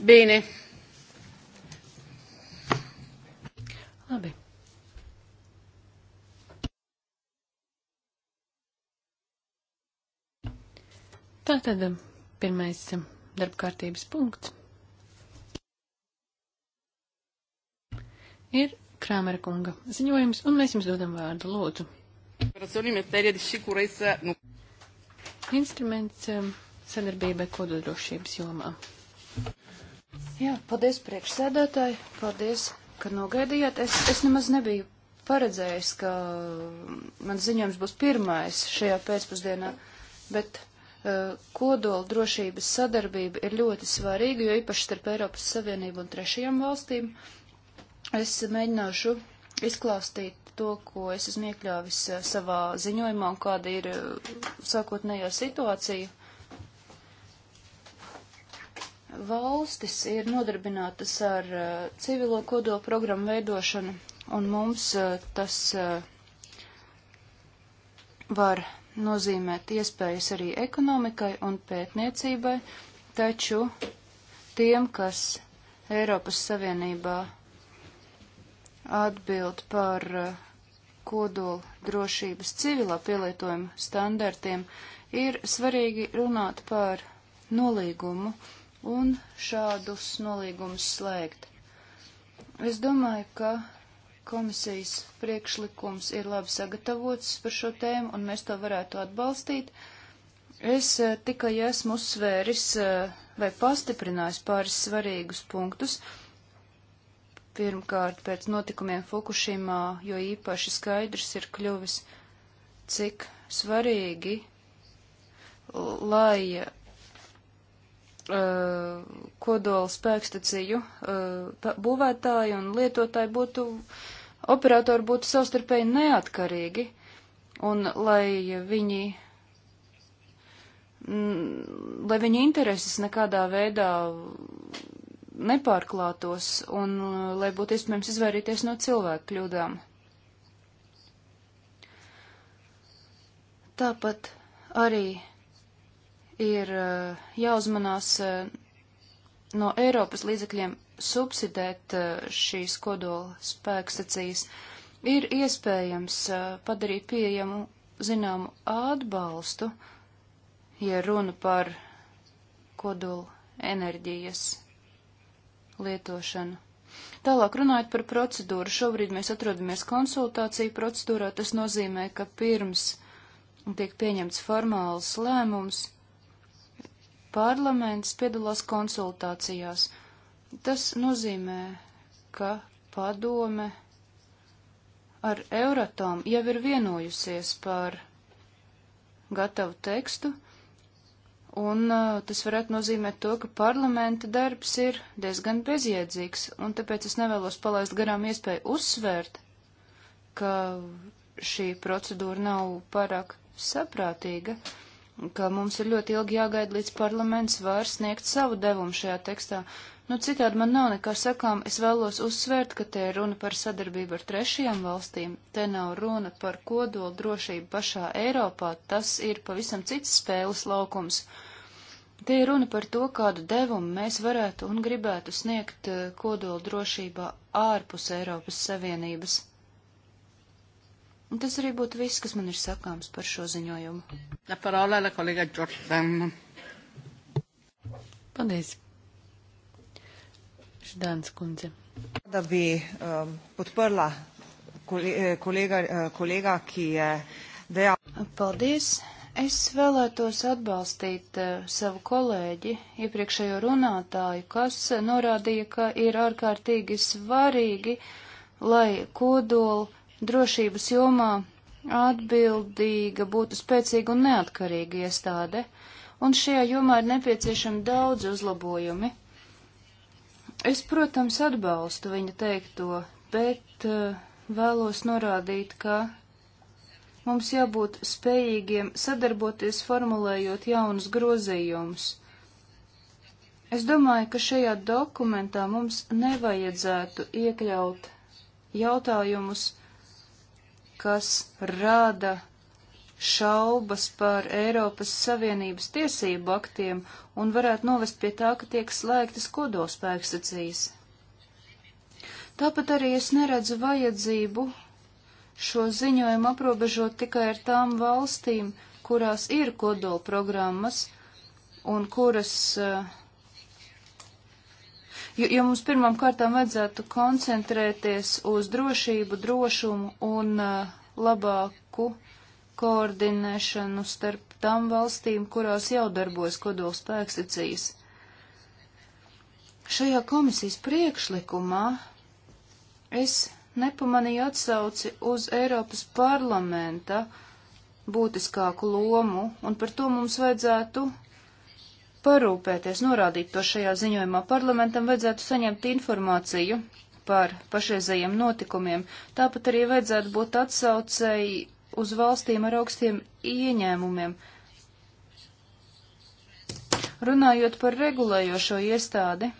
Bene. Labi. Tātad pirmais darbkārtības punkts ir Krāmera kunga ziņojums, un mēs jums dodam vārdu lūdzu. Nu- Instruments eh, sadarbībai kododrošības jomā. Jā, paldies priekšsēdētāji, paldies, ka nogaidījāt. Es, es nemaz nebiju paredzējis, ka man ziņojums būs pirmais šajā pēcpusdienā, bet uh, kodola drošības sadarbība ir ļoti svarīga, jo īpaši starp Eiropas Savienību un trešajām valstīm. Es mēģināšu izklāstīt to, ko es esmu iekļāvis eh, savā ziņojumā un kāda ir eh, sākotnējā situācija valstis ir nodarbinātas ar uh, civilo kodola programmu veidošanu, un mums uh, tas uh, var nozīmēt iespējas arī ekonomikai un pētniecībai, taču tiem, kas Eiropas Savienībā atbild par uh, kodola drošības civilā pielietojuma standartiem, ir svarīgi runāt par nolīgumu, uh, un šādus nolīgumus slēgt. Es domāju, ka komisijas priekšlikums ir labi sagatavots par šo tēmu, un mēs to varētu atbalstīt. Es eh, tikai esmu uzsvēris eh, vai pastiprinājis pāris svarīgus punktus. Pirmkārt, pēc notikumiem Fukushimā, jo īpaši skaidrs ir kļuvis, cik svarīgi, lai Uh, kodola spēkstaciju uh, būvētāji un lietotāji būtu, operatori būtu savstarpēji neatkarīgi, un lai viņi, lai viņu intereses nekādā veidā nepārklātos, un uh, lai būtu iespējams izvairīties no cilvēku kļūdām. Tāpat arī ir eh, jāuzmanās eh, no Eiropas līdzekļiem subsidēt eh, šīs kodola spēkstacijas. Ir iespējams padarīt pieejamu zināmu atbalstu, ja runa par kodola enerģijas lietošanu. Tālāk runājot par procedūru, šobrīd mēs atrodamies konsultāciju procedūrā, tas nozīmē, ka pirms tiek pieņemts formāls lēmums, parlaments piedalās konsultācijās. Tas nozīmē, ka padome ar Euratom jau ir vienojusies par gatavu tekstu, un uh, tas varētu nozīmēt to, ka parlamenta darbs ir diezgan bezjēdzīgs, un tāpēc es nevēlos palaist garām iespēju uzsvērt, ka šī procedūra nav pārāk saprātīga. Uh, ka mums ir ļoti ilgi jāgaida, līdz parlaments var sniegt savu devumu šajā tekstā. Nu, citādi man nav nekā sakām, es vēlos uzsvērt, ka te ir runa par sadarbību ar trešajām valstīm, te nav runa par kodolu drošību pašā Eiropā, tas ir pavisam cits spēles laukums. Te ir runa par to, kādu devumu mēs varētu un gribētu sniegt eh, kodolu drošībā ārpus Eiropas Savienības. Un tas arī būtu viss, kas man ir sakāms par šo ziņojumu. La parola la kolega Jordan. Paldies. Ždāns kundze. Da bi um, podprla eh, kolega, eh, kolega, ki je dejal. Paldies. Es vēlētos atbalstīt uh, savu kolēģi, iepriekšējo runātāju, kas norādīja, ka ir ārkārtīgi svarīgi, lai kodola drošības jomā atbildīga būtu spēcīga un neatkarīga iestāde, un šajā jomā ir nepieciešami daudz uzlabojumi. Es, protams, atbalstu viņa teikto, bet uh, vēlos norādīt, ka mums jābūt spējīgiem sadarboties, formulējot jaunus grozījumus. Es domāju, ka šajā dokumentā mums nevajadzētu iekļaut jautājumus, kas rada šaubas par Eiropas Savienības tiesību aktiem un varētu novest pie tā, ka tiek slēgtas kodolspēkstacijas. Tāpat arī es neredzu vajadzību šo ziņojumu aprobežot tikai ar tām valstīm, kurās ir kodola programmas un kuras uh, jo, jo mums pirmām kārtām vajadzētu koncentrēties uz drošību, drošumu un uh, labāku koordinēšanu starp tām valstīm, kurās jau darbojas kodols pēkstacijas. Šajā komisijas priekšlikumā es nepamanīju atsauci uz Eiropas parlamenta būtiskāku lomu, un par to mums vajadzētu parūpēties, norādīt to šajā ziņojumā. Parlamentam vajadzētu saņemt informāciju par pašreizējiem notikumiem. Tāpat arī vajadzētu būt atsaucēji uz valstīm ar augstiem ieņēmumiem. Runājot par regulējošo iestādi,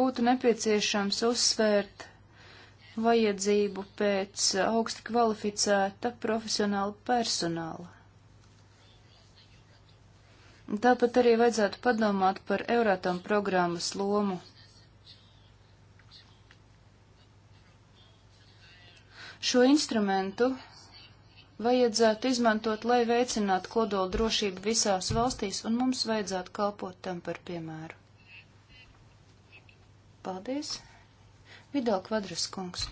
būtu nepieciešams uzsvērt vajadzību pēc augsti kvalificēta profesionāla personāla. Tāpat arī vajadzētu padomāt par Euratom programmas lomu. Šo instrumentu vajadzētu izmantot, lai veicinātu kodola drošību visās valstīs, un mums vajadzētu kalpot tam par piemēru. Paldies. Vidal Kvadras kungs.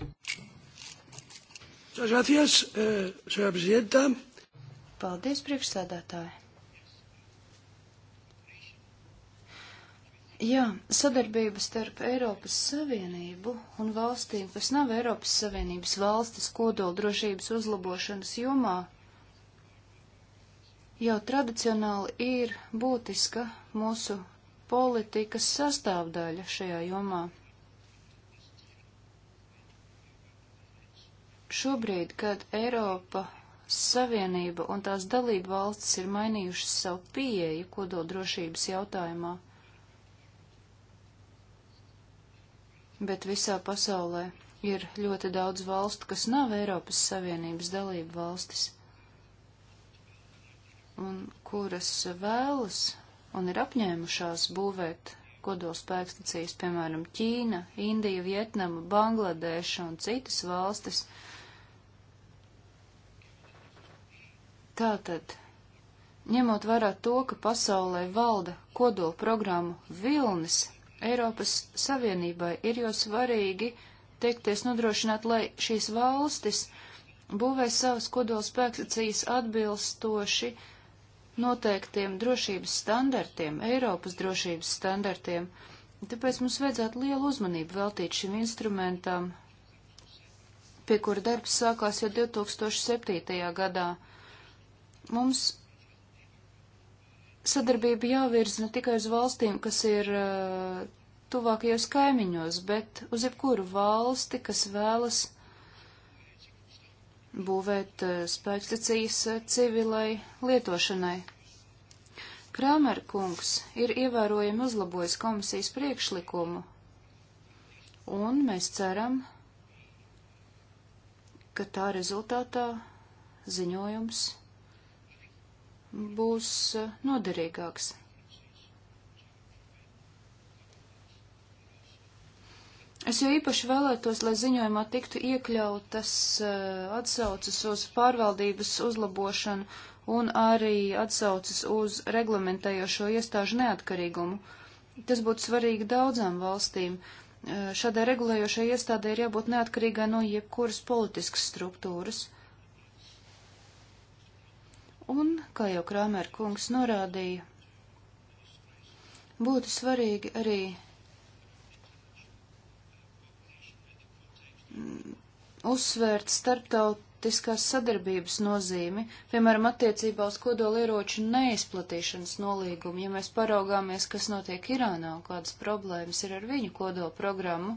Eh, Paldies, priekšsēdētāji. Jā, sadarbība starp Eiropas Savienību un valstīm, kas nav Eiropas Savienības valstis kodoldrošības uzlabošanas jomā, jau tradicionāli ir būtiska mūsu politikas sastāvdaļa šajā jomā. Šobrīd, kad Eiropa Savienība un tās dalība valstis ir mainījušas savu pieeju kodoldrošības jautājumā, bet visā pasaulē ir ļoti daudz valstu, kas nav Eiropas Savienības dalība valstis, un kuras vēlas un ir apņēmušās būvēt kodolspēkstacijas, piemēram, Ķīna, Indija, Vietnama, Bangladeša un citas valstis. Tātad, ņemot vērā to, ka pasaulē valda kodola programmu vilnis, Eiropas Savienībai ir jau svarīgi tiekties nodrošināt, lai šīs valstis būvē savas kodols spēkstacijas atbilstoši noteiktiem drošības standartiem, Eiropas drošības standartiem. Tāpēc mums vajadzētu lielu uzmanību veltīt šim instrumentam, pie kura darbs sākās jau 2007. gadā. Mums sadarbība jāvirz ne tikai uz valstīm, kas ir uh, tuvākajos kaimiņos, bet uz jebkuru valsti, kas vēlas būvēt uh, spēkstacijas uh, civilai lietošanai. Krāmer kungs ir ievērojami uzlabojis komisijas priekšlikumu, un mēs ceram, ka tā rezultātā ziņojums būs eh, noderīgāks. Es jau īpaši vēlētos, lai ziņojumā tiktu iekļautas eh, atsaucas uz pārvaldības uzlabošanu un arī atsaucas uz reglamentējošo iestāžu neatkarīgumu. Tas būtu svarīgi daudzām valstīm. Eh, šādai regulējošai iestādē ir jābūt neatkarīgai no jebkuras politiskas struktūras. Uh, Un, kā jau Krāmer kungs norādīja, būtu svarīgi arī mm, uzsvērt starptautiskās sadarbības nozīmi, piemēram, attiecībā uz kodolieroču neizplatīšanas nolīgumu, ja mēs paraugāmies, kas notiek Irānā un kādas problēmas ir ar viņu kodola programmu.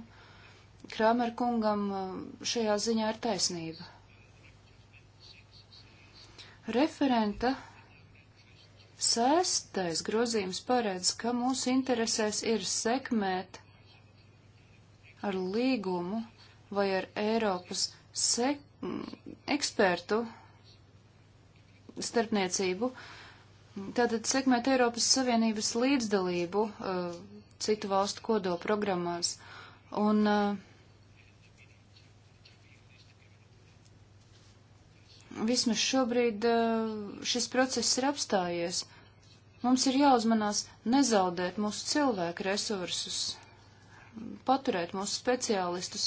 Krāmer kungam mm, šajā ziņā ir taisnība. Referenta sestais grozījums paredz, ka mūsu interesēs ir sekmēt ar līgumu vai ar Eiropas sek ekspertu starpniecību, tātad sekmēt Eiropas Savienības līdzdalību uh, citu valstu kodola programmās. Un uh, vismaz šobrīd eh, šis process ir apstājies. Mums ir jāuzmanās nezaudēt mūsu cilvēku resursus, paturēt mūsu speciālistus.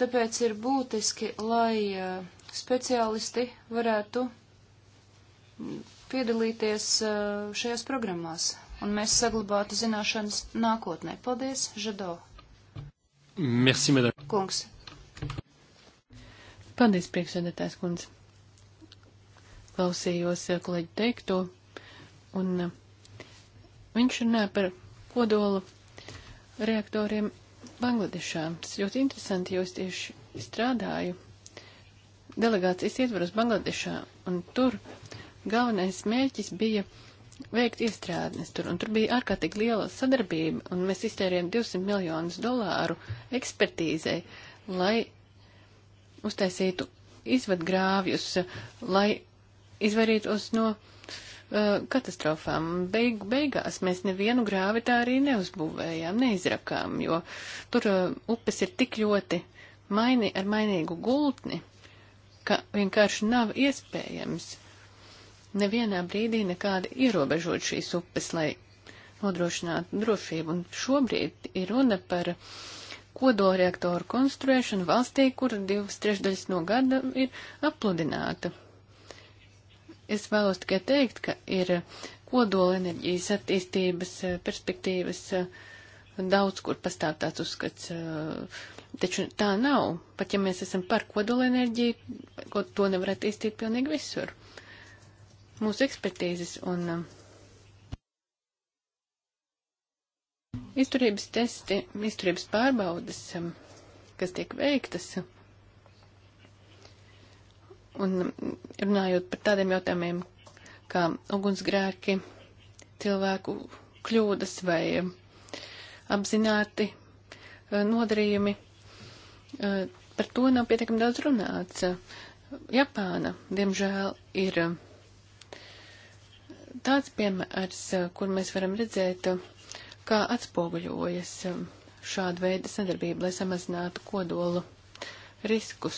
Tāpēc ir būtiski, lai eh, speciālisti varētu piedalīties eh, šajās programmās, un mēs saglabātu zināšanas nākotnē. Paldies, Žado! Merci, madame. Kungs, Paldies, priekšsēdētājs kundze. Klausījos eh, kolēģi teikto, un eh, viņš runāja par kodola reaktoriem Bangladešā. Tas ļoti interesanti, jo es tieši strādāju delegācijas ietvaros Bangladešā, un tur galvenais mērķis bija veikt iestrādnes tur, un tur bija ārkārtīgi liela sadarbība, un mēs iztērējām 200 miljonus dolāru ekspertīzei, lai uztaisītu izvadgrāvjus, lai izvairītos no uh, katastrofām. Beig, beigās mēs nevienu grāvi tā arī neuzbūvējām, neizrakām, jo tur uh, upes ir tik ļoti maini, ar mainīgu gultni, ka vienkārši nav iespējams nevienā brīdī nekādi ierobežot šīs upes, lai nodrošinātu drošību. Un šobrīd ir runa par uh, kodolreaktoru konstruēšanu valstī, kur divas trešdaļas no gada ir apludināta. Es vēlos tikai teikt, ka ir kodolenerģijas attīstības eh, perspektīvas eh, daudz, kur pastāv tāds uzskats. Eh, taču tā nav. Pat ja mēs esam par kodolenerģiju, to nevar attīstīt pilnīgi visur. Mūsu ekspertīzes un uh, Izturības testi, izturības pārbaudas, um, kas tiek veiktas, un um, runājot par tādiem jautājumiem, kā ugunsgrēki, cilvēku kļūdas vai um, apzināti uh, nodarījumi, uh, par to nav pietiekami daudz runāts. Japāna, diemžēl, ir tāds piemērs, uh, kur mēs varam redzēt, uh, kā atspoguļojas um, šāda veida sadarbība, lai samazinātu kodolu riskus.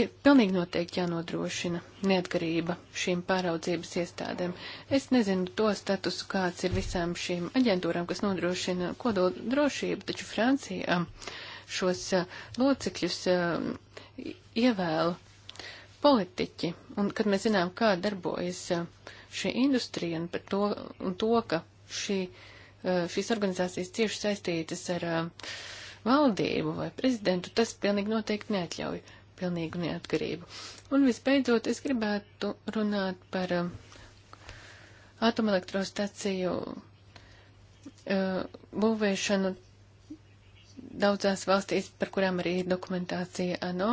Ir pilnīgi noteikti jānodrošina neatkarība šīm pāraudzības iestādēm. Es nezinu to statusu, kāds ir visām šīm aģentūrām, kas nodrošina kodolu drošību, taču Francijā um, šos uh, locekļus um, ievēlu politiķi. Un, kad mēs zinām, kā darbojas uh, šī industrija un par to, un to ka šī uh, Eh, šīs organizācijas cieši saistītas ar eh, valdību vai prezidentu, tas pilnīgi noteikti neatļauj pilnīgu neatkarību. Un visbeidzot, es gribētu runāt par eh, atomelektrostaciju būvēšanu daudzās valstīs, par kurām arī ir dokumentācija ANO.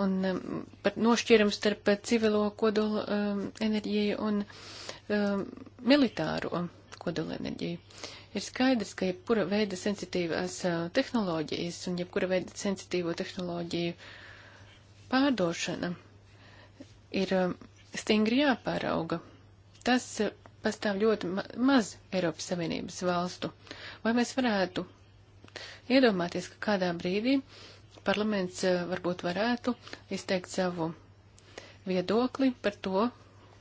Un par nošķirumu starp civilo kodolu enerģiju un enerģiju um, militāro um, kodolenerģiju. Ir skaidrs, ka jebkura veida sensitīvās uh, tehnoloģijas un jebkura veida sensitīvo tehnoloģiju pārdošana ir uh, stingri jāpārauga. Tas uh, pastāv ļoti ma maz Eiropas Savienības valstu. Vai mēs varētu iedomāties, ka kādā brīdī parlaments uh, varbūt varētu izteikt savu viedokli par to,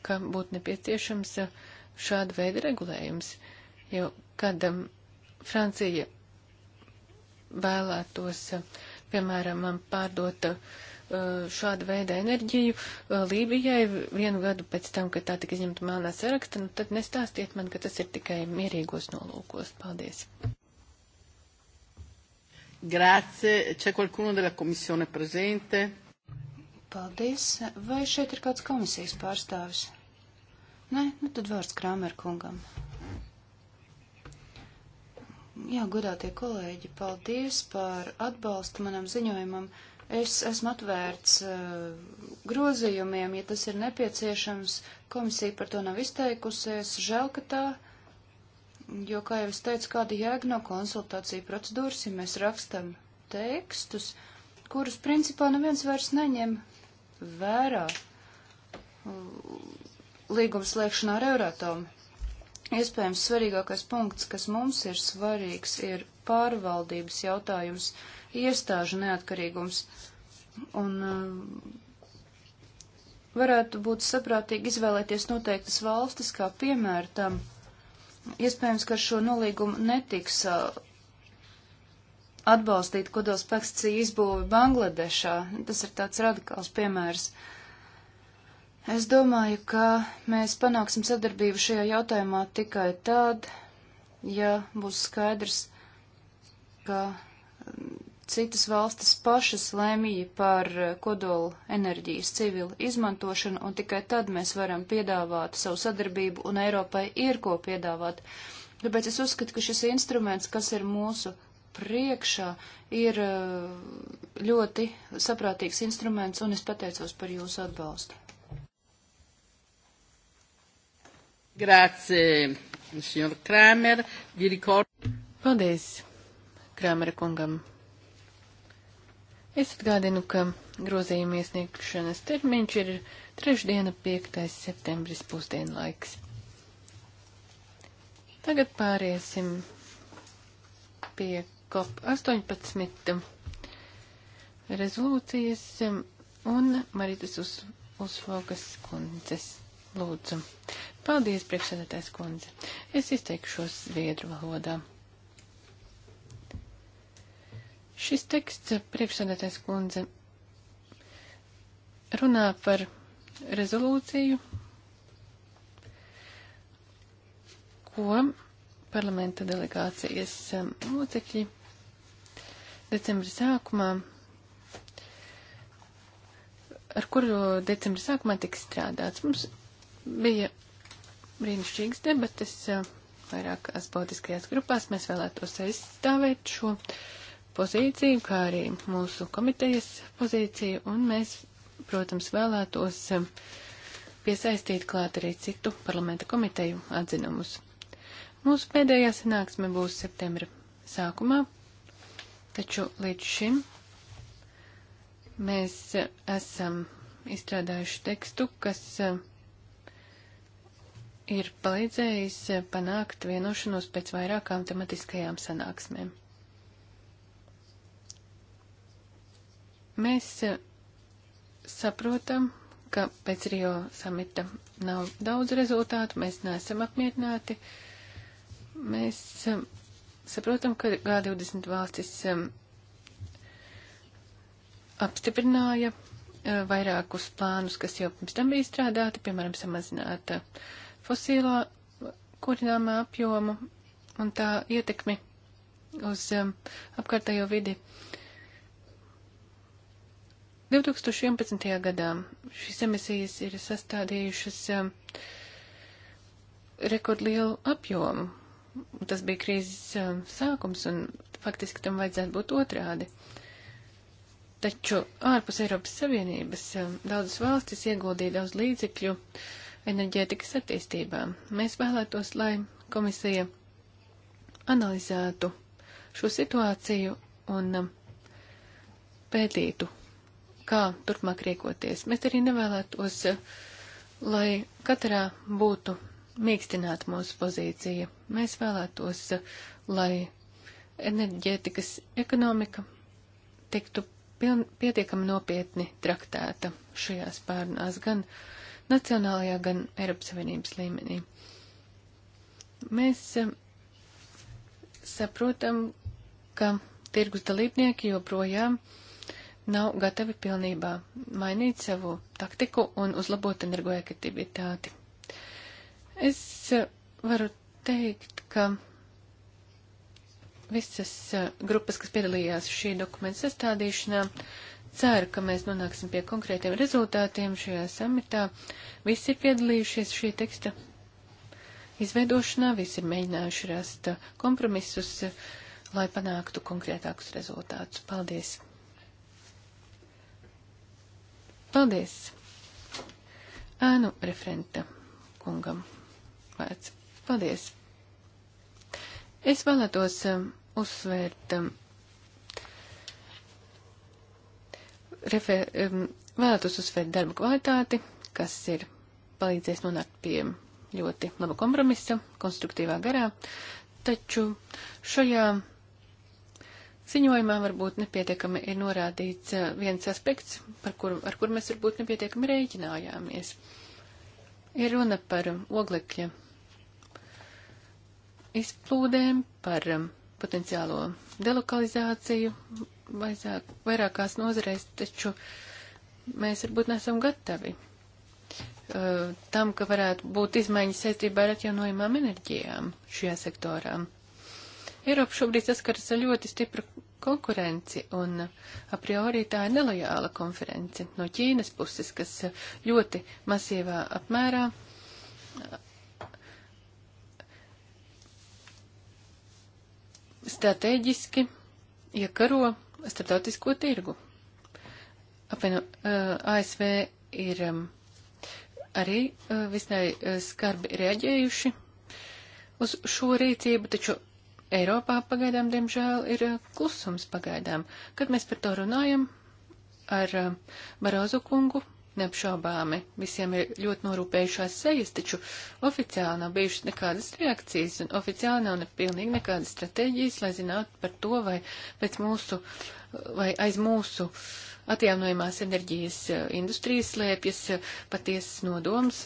ka būtu nepieciešams uh, šāda veida regulējums, jo kad um, Francija vēlētos, uh, piemēram, um, pārdot uh, šādu veidu enerģiju Lībijai vienu gadu pēc tam, kad tā tika izņemta melnā saraksta, nu tad nestāstiet man, ka tas ir tikai mierīgos nolūkos. Paldies! Grazie. C'è qualcuno della Commissione presente? Paldies. Vai šeit ir kāds komisijas pārstāvis? Nē, nu tad vārds Krāmer kungam. Jā, godātie kolēģi, paldies par atbalstu manam ziņojumam. Es esmu atvērts uh, grozījumiem, ja tas ir nepieciešams. Komisija par to nav izteikusies. Žēl, ka tā, jo, kā jau es teicu, kāda jēga no konsultāciju procedūras, ja mēs rakstam tekstus, kurus principā neviens vairs neņem vērā. Uh, līgums slēgšanā ar Euratomu. Iespējams, svarīgākais punkts, kas mums ir svarīgs, ir pārvaldības jautājums, iestāžu neatkarīgums. Un uh, varētu būt saprātīgi izvēlēties noteiktas valstis kā piemēra tam. Iespējams, ka ar šo nolīgumu netiks uh, atbalstīt kodolspēkstacija izbūvi Bangladešā. Tas ir tāds radikāls piemērs. Uh, Es domāju, ka mēs panāksim sadarbību šajā jautājumā tikai tad, ja būs skaidrs, ka mm, citas valstis pašas lēmīja par eh, kodola enerģijas civilu izmantošanu, un tikai tad mēs varam piedāvāt savu sadarbību, un Eiropai ir ko piedāvāt. Tāpēc es uzskatu, ka šis instruments, kas ir mūsu priekšā, ir eh, ļoti saprātīgs instruments, un es pateicos par jūsu atbalstu. Grācie, signor Kramer, vi ricordo. Paldies, Krāmera kungam. Es atgādinu, ka grozījuma iesniegšanas termiņš ir trešdiena, 5. septembris pusdienlaiks. Tagad pāriesim pie COP18 rezolūcijas un Maritas Uz Uzvogas kundzes Lūdzu. Paldies, priekšsēdētājs kundze. Es izteikšos zviedru valodā. Šis teksts, priekšsēdētājs kundze, runā par rezolūciju, ko parlamenta delegācijas um, locekļi decembra sākumā, ar kuru decembra sākumā tiks strādāts. Mums Bija brīnišķīgas debatas eh, vairākās politiskajās grupās. Mēs vēlētos aizstāvēt šo pozīciju, kā arī mūsu komitejas pozīciju, un mēs, protams, vēlētos eh, piesaistīt klāt arī citu parlamenta komiteju atzinumus. Mūsu pēdējā sanāksme būs septembra sākumā, taču līdz šim mēs eh, esam izstrādājuši tekstu, kas uh, ir palīdzējis panākt vienošanos pēc vairākām tematiskajām sanāksmēm. Mēs eh, saprotam, ka pēc Rio samita nav daudz rezultātu, mēs neesam apmierināti. Mēs eh, saprotam, ka G20 valstis eh, apstiprināja vairākus plānus, kas jau pirms tam bija strādāti, piemēram, samazināta uh, fosīlā kurināmā apjomu un tā ietekmi uz um, apkārtējo vidi. 2011. gadā šīs emisijas ir sastādījušas um, rekordlielu apjomu. Tas bija krīzes um, sākums, un faktiski tam vajadzētu būt otrādi. Taču ārpus Eiropas Savienības um, daudzas valstis ieguldīja daudz līdzekļu uh, enerģētikas attīstībām. Mēs vēlētos, lai komisija analizētu šo situāciju un um, pētītu, kā turpmāk riekoties. Mēs arī nevēlētos, uh, lai katrā būtu mīkstināta mūsu pozīcija. Mēs vēlētos, uh, lai enerģētikas ekonomika tiktu piln, pietiekami nopietni traktēta šajās pārnās gan uh, nacionālajā, gan Eiropas Savienības līmenī. Mēs eh, saprotam, ka tirgus dalībnieki joprojām nav gatavi pilnībā mainīt savu taktiku un uzlabot energoefektivitāti. Es eh, varu teikt, ka visas eh, grupas, kas piedalījās šī dokumenta sastādīšanā, uh, ceru, ka mēs nonāksim pie konkrētiem rezultātiem šajā samitā. Visi ir piedalījušies šī teksta izveidošanā, visi ir mēģinājuši rast kompromisus, lai panāktu konkrētākus rezultātus. Paldies! Paldies! Ānu referenta kungam vērts. Paldies! Es vēlētos um, uzsvērt um, refer, um, vēlētos uzsvērt darba kvalitāti, kas ir palīdzējis nonākt pie ļoti laba kompromisa, konstruktīvā garā, taču šajā ziņojumā varbūt nepietiekami ir norādīts eh, viens aspekts, par kur, ar kur mēs varbūt nepietiekami rēķinājāmies. Ir runa par oglekļa izplūdēm, par potenciālo delokalizāciju vajadzāk, vairākās nozareis, taču mēs varbūt nesam gatavi uh, tam, ka varētu būt izmaiņas saistībā ar atjaunojumām enerģijām šajā sektorā. Eiropa šobrīd saskaras ar ļoti stipru konkurenci, un uh, a priori tā ir nelojāla konference no Ķīnas puses, kas uh, ļoti masīvā apmērā uh, strateģiski iekaro ja starptautisko tirgu. Apvieno, uh, ASV ir um, arī uh, visnai uh, skarbi reaģējuši uz šo rīcību, taču Eiropā pagaidām, diemžēl, ir uh, klusums pagaidām. Kad mēs par to runājam ar uh, Barozu kungu, neapšaubāmi. Visiem ir ļoti norūpējušās sejas, taču oficiāli nav bijušas nekādas reakcijas un oficiāli nav ne pilnīgi nekādas stratēģijas, lai zinātu par to, vai pēc mūsu, vai aiz mūsu atjaunojumās enerģijas eh, industrijas slēpjas eh, patiesas nodoms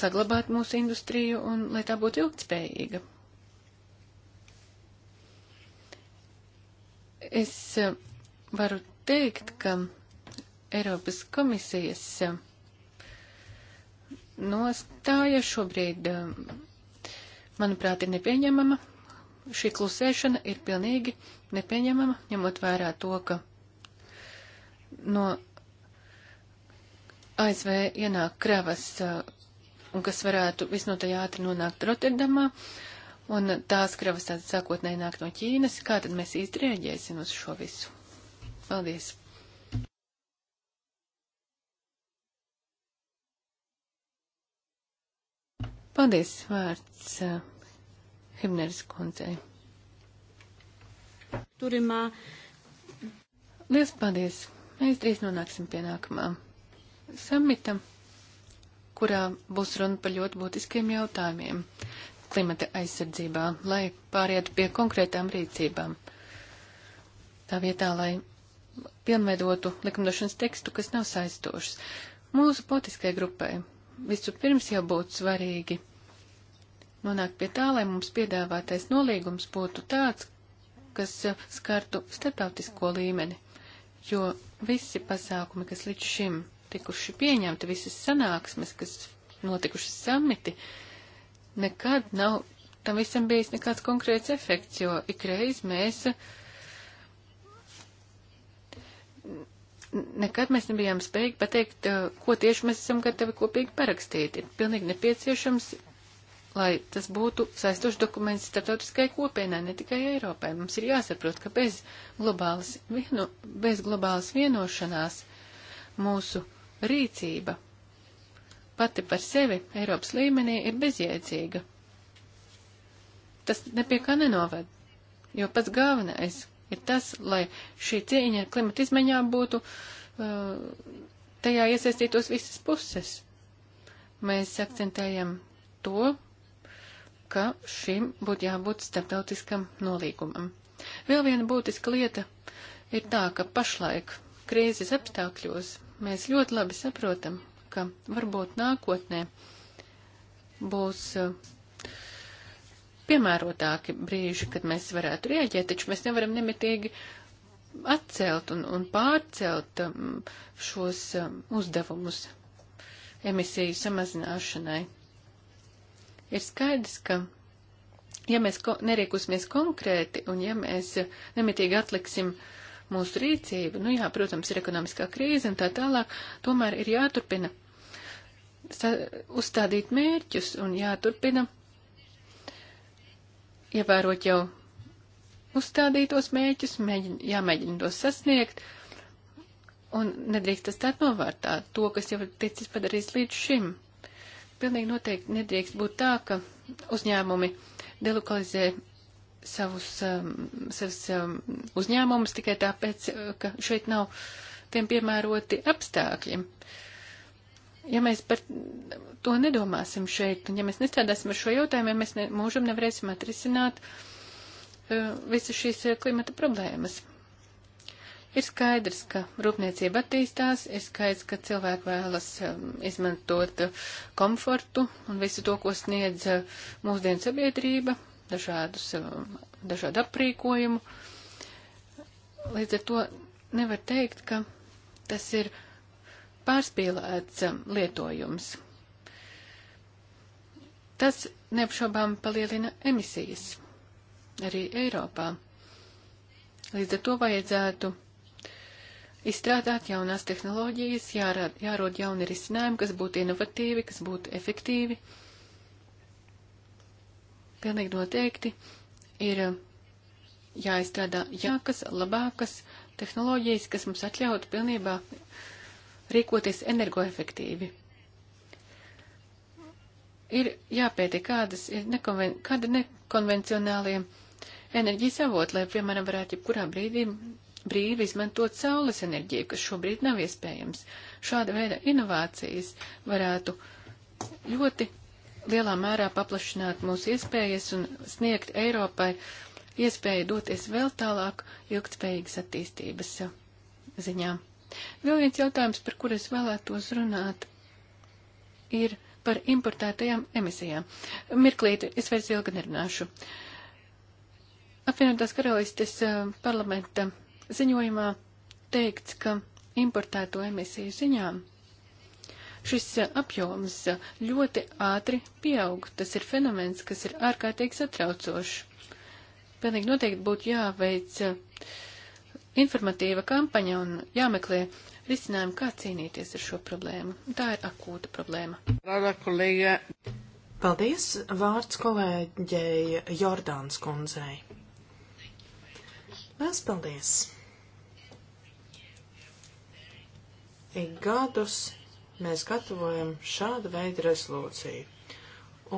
saglabāt mūsu industriju un lai tā būtu ilgtspējīga. Es eh, varu teikt, ka Eiropas komisijas nostāja šobrīd, um, manuprāt, ir nepieņemama. Šī klusēšana ir pilnīgi nepieņemama, ņemot vērā to, ka no ASV ienāk kravas, uh, un kas varētu visnotaļ ātri nonākt Rotterdamā, un tās kravas tādas sākotnēji nāk no Ķīnas, kā tad mēs īsti rēģēsim uz šo visu? Paldies! Paldies vārds uh, Himneris kundzei. Turimā. Liels paldies. Mēs drīz nonāksim pie nākamā samita, kurā būs runa par ļoti būtiskiem jautājumiem klimata aizsardzībā, lai pārietu pie konkrētām rīcībām. Tā vietā, lai pilnveidotu likumdošanas tekstu, kas nav saistošs. Mūsu politiskajai grupai vispirms jau būtu svarīgi nonākt pie tā, lai mums piedāvātais nolīgums būtu tāds, kas skartu starptautisko līmeni, jo visi pasākumi, kas līdz šim tikuši pieņemti, visas sanāksmes, kas notikušas samiti, nekad nav tam visam bijis nekāds konkrēts efekts, jo ikreiz mēs nekad mēs nebijām spējīgi pateikt, uh, ko tieši mēs esam gatavi kopīgi parakstīt. Ir pilnīgi nepieciešams, lai tas būtu saistošs dokuments starptautiskai kopienai, ne tikai Eiropai. Mums ir jāsaprot, ka bez globālas, vieno, bez globālas vienošanās mūsu rīcība pati par sevi Eiropas līmenī ir bezjēdzīga. Tas nepie kā nenovad, jo pats galvenais, ir tas, lai šī cīņa ar klimata izmaiņām būtu, uh, tajā iesaistītos visas puses. Mēs akcentējam to, ka šim būtu jābūt starptautiskam nolīgumam. Vēl viena būtiska lieta ir tā, ka pašlaik krīzes apstākļos mēs ļoti labi saprotam, ka varbūt nākotnē būs uh, piemērotāki brīži, kad mēs varētu rieģēt, taču mēs nevaram nemitīgi atcelt un, un pārcelt um, šos um, uzdevumus emisiju samazināšanai. Ir skaidrs, ka ja mēs ko, nerīkosimies konkrēti un ja mēs nemitīgi atliksim mūsu rīcību, nu jā, protams, ir ekonomiskā krīze un tā tālāk, tomēr ir jāturpina sa, uzstādīt mērķus un jāturpina ievērot jau uzstādītos mēķus, mēģin, jāmēģina tos sasniegt, un nedrīkst tas tā novārtā to, kas jau ir ticis padarīts līdz šim. Pilnīgi noteikti nedrīkst būt tā, ka uzņēmumi delokalizē savus, um, savus um, uzņēmumus tikai tāpēc, ka šeit nav tiem piemēroti apstākļi. Uh, ja mēs par to nedomāsim šeit, un ja mēs nestrādāsim ar šo jautājumu, ja mēs ne, mūžam nevarēsim atrisināt uh, visas šīs uh, klimata problēmas. Ir skaidrs, ka rūpniecība attīstās, ir skaidrs, ka cilvēki vēlas um, izmantot uh, komfortu un visu to, ko sniedz uh, mūsdienu sabiedrība, dažādus, um, dažādu aprīkojumu. Līdz ar to nevar teikt, ka tas ir uh, pārspīlēts um, lietojums. Tas neapšaubām palielina emisijas arī Eiropā. Līdz ar to vajadzētu izstrādāt jaunās tehnoloģijas, jārād, jārod jauni risinājumi, kas būtu inovatīvi, kas būtu efektīvi. Pilnīgi noteikti ir um, jāizstrādā jākas, labākas tehnoloģijas, kas mums atļautu pilnībā rīkoties energoefektīvi. Ir jāpēta, kādas ir nekonven, kāda nekonvencionālie enerģijas avoti, lai, piemēram, varētu jebkurā brīdī brīvi izmantot saules enerģiju, kas šobrīd nav iespējams. Šāda veida inovācijas varētu ļoti lielā mērā paplašināt mūsu iespējas un sniegt Eiropai iespēju doties vēl tālāk ilgtspējīgas attīstības ziņām. Vēl viens jautājums, par kur es vēlētos runāt, ir par importētajām emisijām. Mirklīti, es vairs ilgi nerunāšu. Apvienotās karalistes eh, parlamenta ziņojumā teikts, ka importēto emisiju ziņām šis eh, apjoms eh, ļoti ātri pieaug. Tas ir fenomens, kas ir ārkārtīgi satraucošs. Pilnīgi noteikti būtu jāveic informatīva kampaņa un jāmeklē risinājumi, kā cīnīties ar šo problēmu. Tā ir akūta problēma. Rada, kolēģa. Paldies! Vārds kolēģei Jordāns kundzei. Lielas paldies! Ik gadus mēs gatavojam šādu veidu rezolūciju,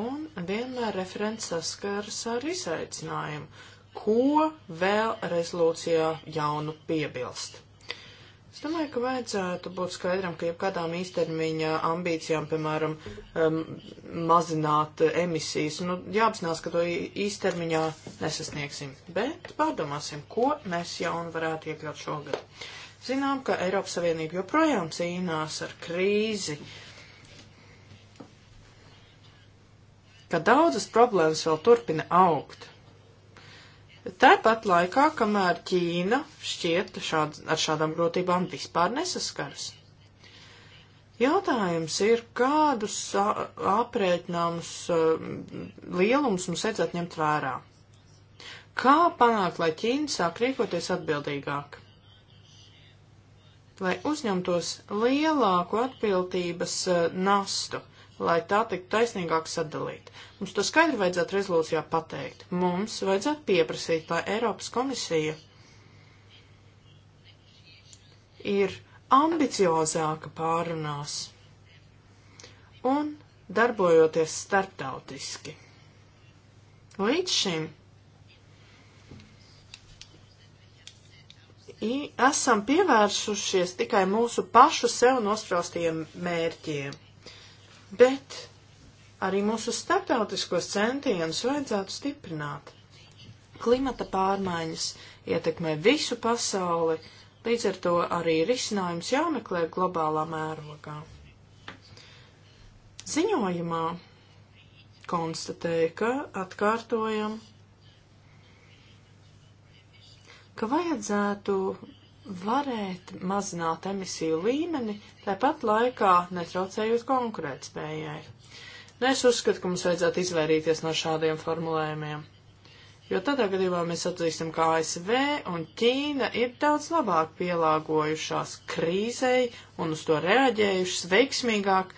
un vienmēr referents saskaras ar izaicinājumu, ko vēl rezolūcijā jaunu piebilst. Es domāju, ka vajadzētu būt skaidram, ka jebkādām īstermiņa ambīcijām, piemēram, um, mazināt emisijas, nu, jāapzinās, ka to īstermiņā nesasniegsim. Bet pārdomāsim, ko mēs jaunu varētu iekļaut šogad. Zinām, ka Eiropas Savienība joprojām cīnās ar krīzi, ka daudzas problēmas vēl turpina augt. Tāpat laikā, kamēr Ķīna šķiet šād, ar šādām grūtībām vispār nesaskaras. Jautājums ir, kādus aprēķināmus lielumus mums vajadzētu ņemt vērā? Kā panākt, lai Ķīna sāk rīkoties atbildīgāk? Lai uzņemtos lielāku atbildības nastu lai tā tiktu taisnīgāk sadalīta. Mums to skaidri vajadzētu rezolūcijā pateikt. Mums vajadzētu pieprasīt, lai Eiropas komisija ir ambiciozāka pārunās un darbojoties starptautiski. Līdz šim esam pievērsušies tikai mūsu pašu sev nospraustajiem mērķiem bet arī mūsu starptautiskos centienus vajadzētu stiprināt. Klimata pārmaiņas ietekmē visu pasauli, līdz ar to arī risinājums jāmeklē globālā mērogā. Ziņojumā konstatēja, ka atkārtojam, ka vajadzētu varētu mazināt emisiju līmeni, tāpat laikā netraucējot konkurētspējai. Nu, es uzskatu, ka mums vajadzētu izvairīties no šādiem formulējumiem, jo tādā gadījumā mēs atzīstam, ka ASV un Ķīna ir daudz labāk pielāgojušās krīzei un uz to reaģējušas veiksmīgāk,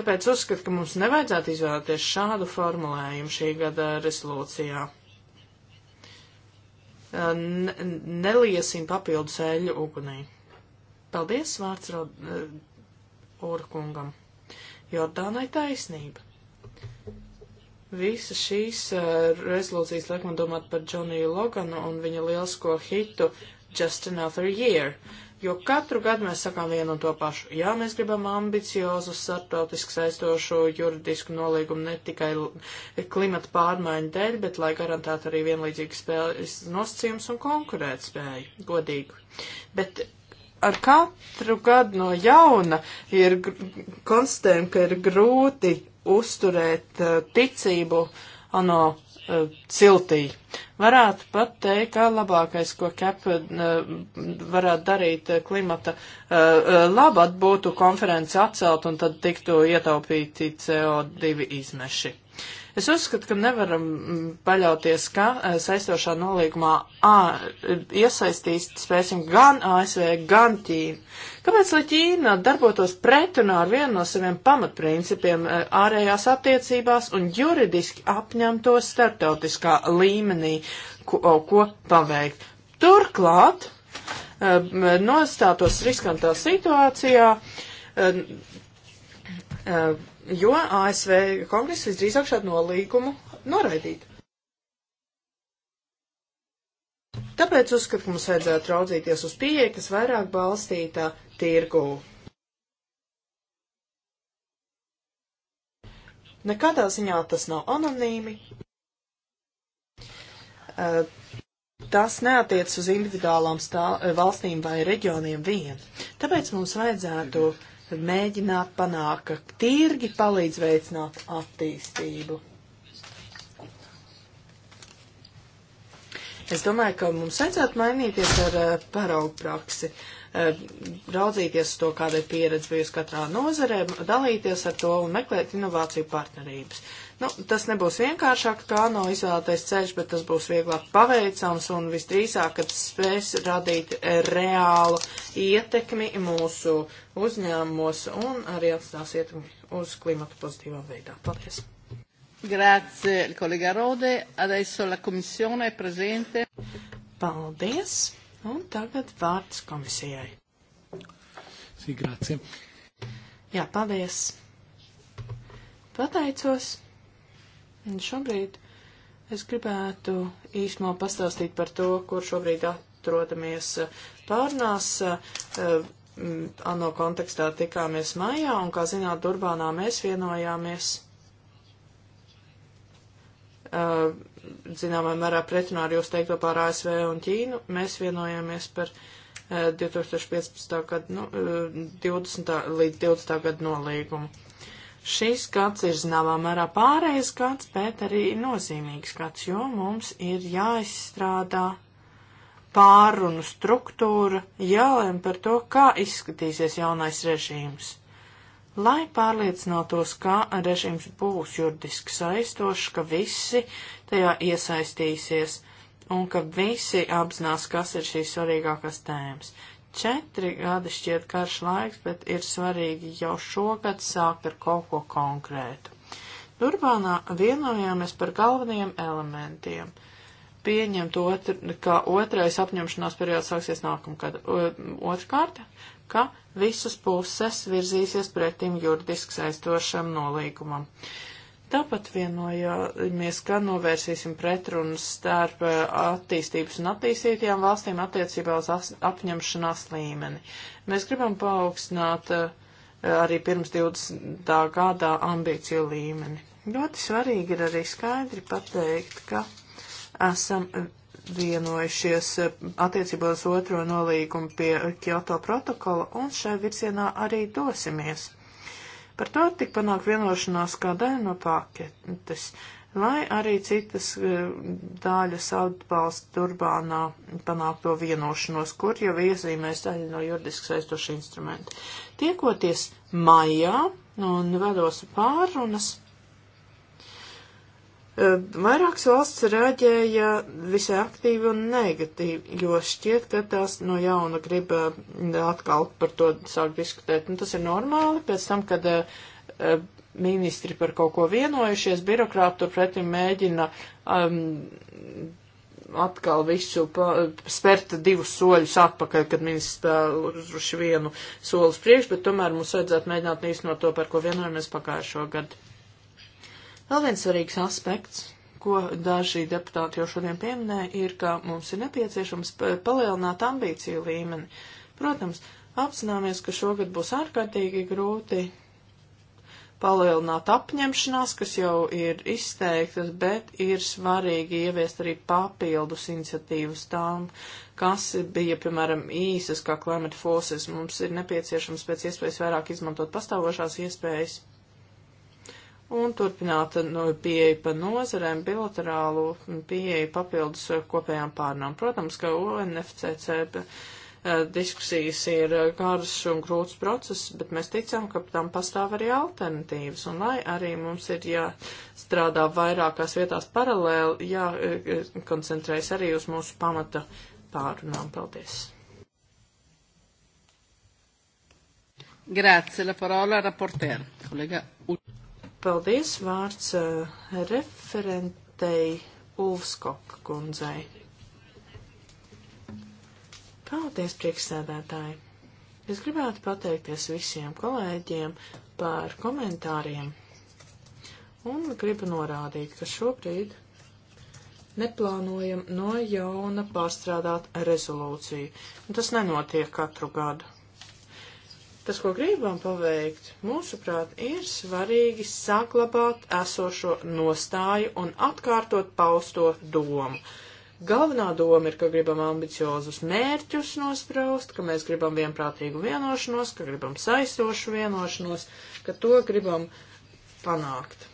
tāpēc uzskatu, ka mums nevajadzētu izvēlēties šādu formulējumu šī gada rezolūcijā ne, neliesim papildus eļu ugunī. Paldies, vārds Orkungam. Eh, Jordānai taisnība. Visa šīs eh, rezolūcijas liek man domāt par Džoniju Loganu un viņa lielisko hitu Just Another Year. Uh, jo katru gadu mēs sakām vienu un to pašu. Jā, mēs gribam ambiciozu, startautisku saistošu juridisku nolīgumu ne tikai klimata pārmaiņu dēļ, bet lai garantētu arī vienlīdzīgu spēles nosacījums un konkurētspēju godīgu. Bet ar katru gadu no jauna ir konstatējumi, ka ir grūti uzturēt uh, ticību ANO uh, ciltī. Varētu pat teikt, ka labākais, ko CAP eh, varētu darīt eh, klimata eh, labad, būtu konferenci atcelt un tad tiktu ietaupīti CO2 izmeši. Es uzskatu, ka nevaram mm, paļauties, ka e, saistošā nolīgumā A, iesaistīs, spēsim, gan ASV, gan Ķīnu. Kāpēc, lai Ķīna darbotos pretrunā ar vienu no saviem pamatprincipiem e, ārējās attiecībās un juridiski apņemtos starptautiskā līmenī, ko, ko paveikt? Turklāt, e, nostātos riskantā situācijā, jo ASV kongress visdrīzāk šādu nolīgumu noraidītu. Tāpēc uzskatu, ka mums vajadzētu raudzīties uz pieeja, kas vairāk balstītā tirgū. Nekādā ziņā tas nav anonīmi. Eh, tas neatiec uz individuālām stā, valstīm vai reģioniem vien. Tāpēc mums vajadzētu. Mhm mēģināt panākt, ka tirgi palīdz veicināt attīstību. Es domāju, ka mums vajadzētu mainīties ar uh, paraugu praksi, uh, raudzīties to, kāda ir pieredze bijusi katrā nozarē, dalīties ar to un meklēt inovāciju partnerības. Uh, Nu, tas nebūs vienkāršāk kā no izvēlētais ceļš, bet tas būs vieglāk paveicams un visdrīzāk, kad spēs radīt reālu ietekmi mūsu uzņēmumos un arī atstās ietekmi uz klimatu pozitīvā veidā. Paldies! Grazie, kolēģa Rode. Adesso la komisione presente. Paldies! Un tagad vārds komisijai. Sī, grazie. Jā, paldies. Pateicos Un šobrīd es gribētu īsumā pastāstīt par to, kur šobrīd atrodamies pārnās. Eh, ano kontekstā tikāmies maijā, un, kā zināt, Durbānā mēs vienojāmies eh, zināmā mērā pretrunā ar jūs teikto par ASV un Ķīnu, mēs vienojāmies par 2015. gadu, nu, 20. līdz 20. gadu nolīgumu. Šis gads ir zināmā mērā pārējais gads, bet arī nozīmīgs gads, jo mums ir jāizstrādā pārunu struktūra, jālēm par to, kā izskatīsies jaunais režīms. Lai pārliecinātos, ka režīms būs juridiski saistošs, ka visi tajā iesaistīsies un ka visi apzinās, kas ir šīs svarīgākās tēmas četri gadi šķiet karš laiks, bet ir svarīgi jau šogad sākt ar kaut ko konkrētu. Durbānā vienojāmies par galvenajiem elementiem. Pieņemt, otr, ka otrais apņemšanās periods sāksies nākamgad. Otrkārt, ka visas puses virzīsies pretim juridiski saistošam nolīgumam. Uh, Tāpat vienojāmies, ka novērsīsim pretrunas starp eh, attīstības un attīstītajām valstīm attiecībā uz apņemšanās līmeni. Mēs gribam paaugstināt eh, arī pirms 20. gadā ambīciju līmeni. Ļoti svarīgi ir arī skaidri pateikt, ka esam eh, vienojušies attiecībā uz otro nolīgumu pie Kyoto protokola un šai virzienā arī dosimies. Par to tik panāk vienošanās kā daļa no paketes, lai arī citas e, daļas atbalsta Durbānā panākto vienošanos, kur jau iezīmēs daļa no juridiski saistoša instrumenta. Tiekoties maijā un vedos pārunas Vairākas valsts reaģēja visai aktīvi un negatīvi, jo šķiet, ka tās no jauna grib atkal par to sākt diskutēt. Un nu, tas ir normāli, pēc tam, kad ministri par kaut ko vienojušies, birokrāti turpretī mēģina um, atkal visu pa, spērt divus soļus atpakaļ, kad ministrs spēl uz vienu solis priekš, bet tomēr mums vajadzētu mēģināt īstenot to, par ko vienojamies pagājušo gadu. Vēl viens svarīgs aspekts, ko daži deputāti jau šodien pieminēja, ir, ka mums ir nepieciešams palielināt ambīciju līmeni. Protams, apzināmies, ka šogad būs ārkārtīgi grūti palielināt apņemšanās, kas jau ir izteiktas, bet ir svarīgi ieviest arī papildus iniciatīvas tām, kas bija, piemēram, īsas kā climate forces. Mums ir nepieciešams pēc iespējas vairāk izmantot pastāvošās iespējas un turpināt no, nu, pieeju pa nozarēm, bilaterālu mm, pieeju papildus eh, kopējām pārnām. Protams, ka UNFCC eh, diskusijas ir eh, garas un grūts process, bet mēs ticam, ka tam pastāv arī alternatīvas. Un lai arī mums ir jāstrādā vairākās vietās paralēli, jākoncentrējas arī uz mūsu pamata pārunām. Paldies! Grazie, la parola al rapporteur. Collega Paldies vārds uh, referentei Ulfskoka kundzei. Paldies, priekšsēdētāji! Es gribētu pateikties visiem kolēģiem par komentāriem un gribu norādīt, ka šobrīd neplānojam no jauna pārstrādāt rezolūciju. Un tas nenotiek katru gadu. Tas, ko gribam paveikt, mūsuprāt, ir svarīgi saglabāt esošo nostāju un atkārtot pausto domu. Galvenā doma ir, ka gribam ambiciozus mērķus nospraust, ka mēs gribam vienprātīgu vienošanos, ka gribam saistošu vienošanos, ka to gribam panākt.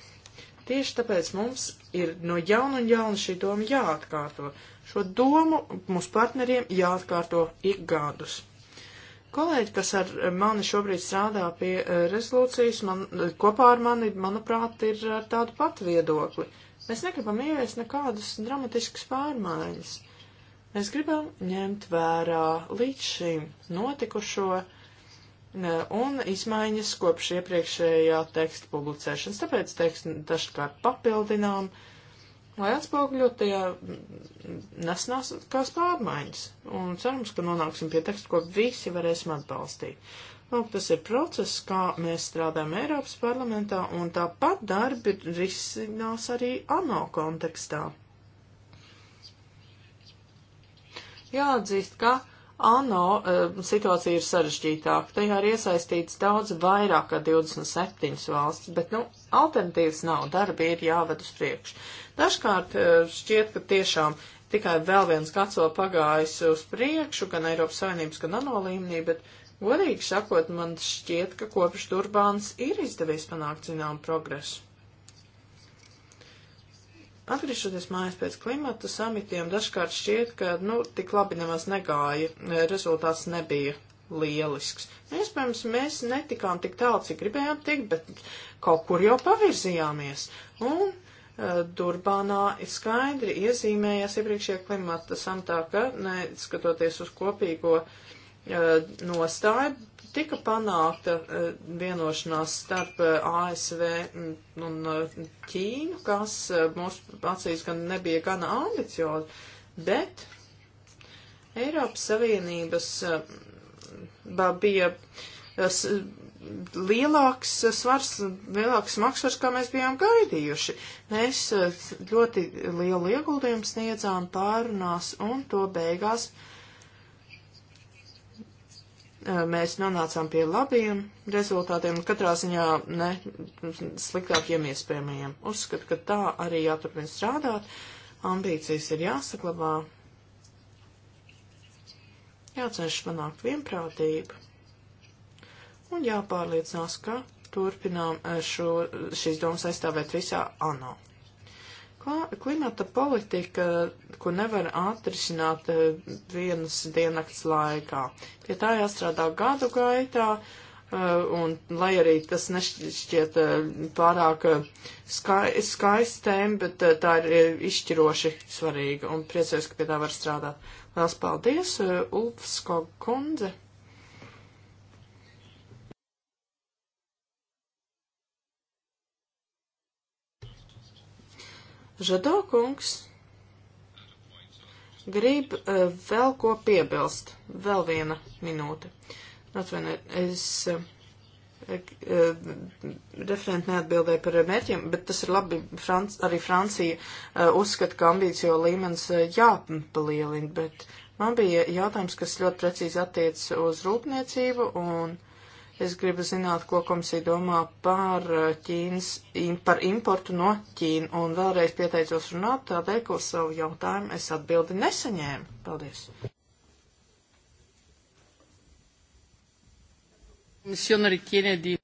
Tieši tāpēc mums ir no jauna un jauna šī doma jāatkārto. Šo domu mūsu partneriem jāatkārto ik gadus. Kolēģi, kas ar mani šobrīd strādā pie eh, rezolūcijas, man, eh, kopā ar mani, manuprāt, ir ar eh, tādu pat viedokli. Mēs negribam ieviest nekādas dramatiskas pārmaiņas. Mēs gribam ņemt vērā līdz šim notikušo un izmaiņas kopš iepriekšējā teksta publicēšanas. Tāpēc tekstu dažkārt papildinām, uh, lai atspoguļot tajā nesnās kās pārmaiņas. Un cerams, ka nonāksim pie teksta, ko visi varēsim atbalstīt. Lūk, tas ir process, kā mēs strādājam Eiropas parlamentā, un tāpat darbi risinās arī ANO kontekstā. Jāatzīst, ka ANO eh, situācija ir sarežģītāka. Tajā ir iesaistīts daudz vairāk kā 27 valsts, bet, nu, alternatīvas nav, darbi ir jāved uz priekšu. Dažkārt eh, šķiet, ka tiešām tikai vēl viens gads vēl pagājis uz priekšu, gan Eiropas Savienības, gan ANO līmenī, bet, godīgi sakot, man šķiet, ka kopš Turbāns ir izdevies panākt zinām progresu. Atgriežoties mājās pēc klimata samitiem, dažkārt šķiet, ka, nu, tik labi nemaz negāja, rezultāts nebija lielisks. Iespējams, mēs netikām tik tālu, cik gribējām tikt, bet kaut kur jau pavirzījāmies. Un uh, Durbānā ir skaidri iezīmējies iepriekšējā klimata samitā, ka, neskatoties uz kopīgo uh, nostāju, tika panākta eh, vienošanās starp eh, ASV un eh, Ķīnu, kas mūsu acīs gan nebija gana ambiciozi, bet Eiropas Savienības bija lielāks svars, lielāks maksvars, kā mēs bijām gaidījuši. Mēs ļoti lielu ieguldījumu sniedzām pārunās un to beigās. Uh, mēs nonācām pie labiem rezultātiem, katrā ziņā ne sliktākiem iespējamajiem. Uzskatu, ka tā arī jāturpina strādāt, ambīcijas ir jāsaglabā, jācenšas panākt vienprātību un jāpārliecinās, ka turpinām šo, šīs domas aizstāvēt visā ANO. Klimata politika, ko nevar atrisināt eh, vienas dienakts laikā. Pie tā jāstrādā gadu gaitā, eh, un lai arī tas nešķiet eh, pārāk skaists skaist tēma, bet tā ir izšķiroši svarīga, un priecājos, ka pie tā var strādāt. Lielas paldies, Ulfsko kundze! Žado kungs grib uh, vēl ko piebilst. Vēl viena minūte. Atvainojiet, es. Uh, referenti neatbildēja par mērķiem, bet tas ir labi. Franc, arī Francija uzskata, ka ambīcio līmenis jāpalielina, bet man bija jautājums, kas ļoti precīzi attiec uz rūpniecību un Es gribu zināt, ko komisija domā par, eh, Ķīnas, par importu no Ķīna, un vēlreiz pieteicos runāt, tādēļ, ka uz savu jautājumu es atbildi nesaņēmu. Paldies. Misionari Kennedy.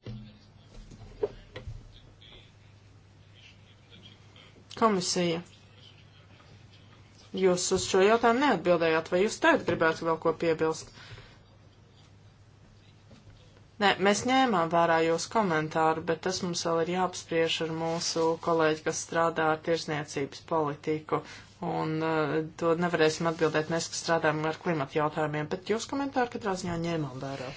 Komisija. Jūs uz šo jautājumu neatbildējāt, vai jūs tagad gribētu vēl ko piebilst? Uh, Nē, mēs ņēmām vērā jūs komentāru, bet tas mums vēl ir jāapspriež ar mūsu kolēģi, kas strādā ar tirzniecības politiku. Un uh, to nevarēsim atbildēt mēs, kas strādājam ar klimatu jautājumiem, bet jūs komentāru katrā ziņā ņēmām vērā.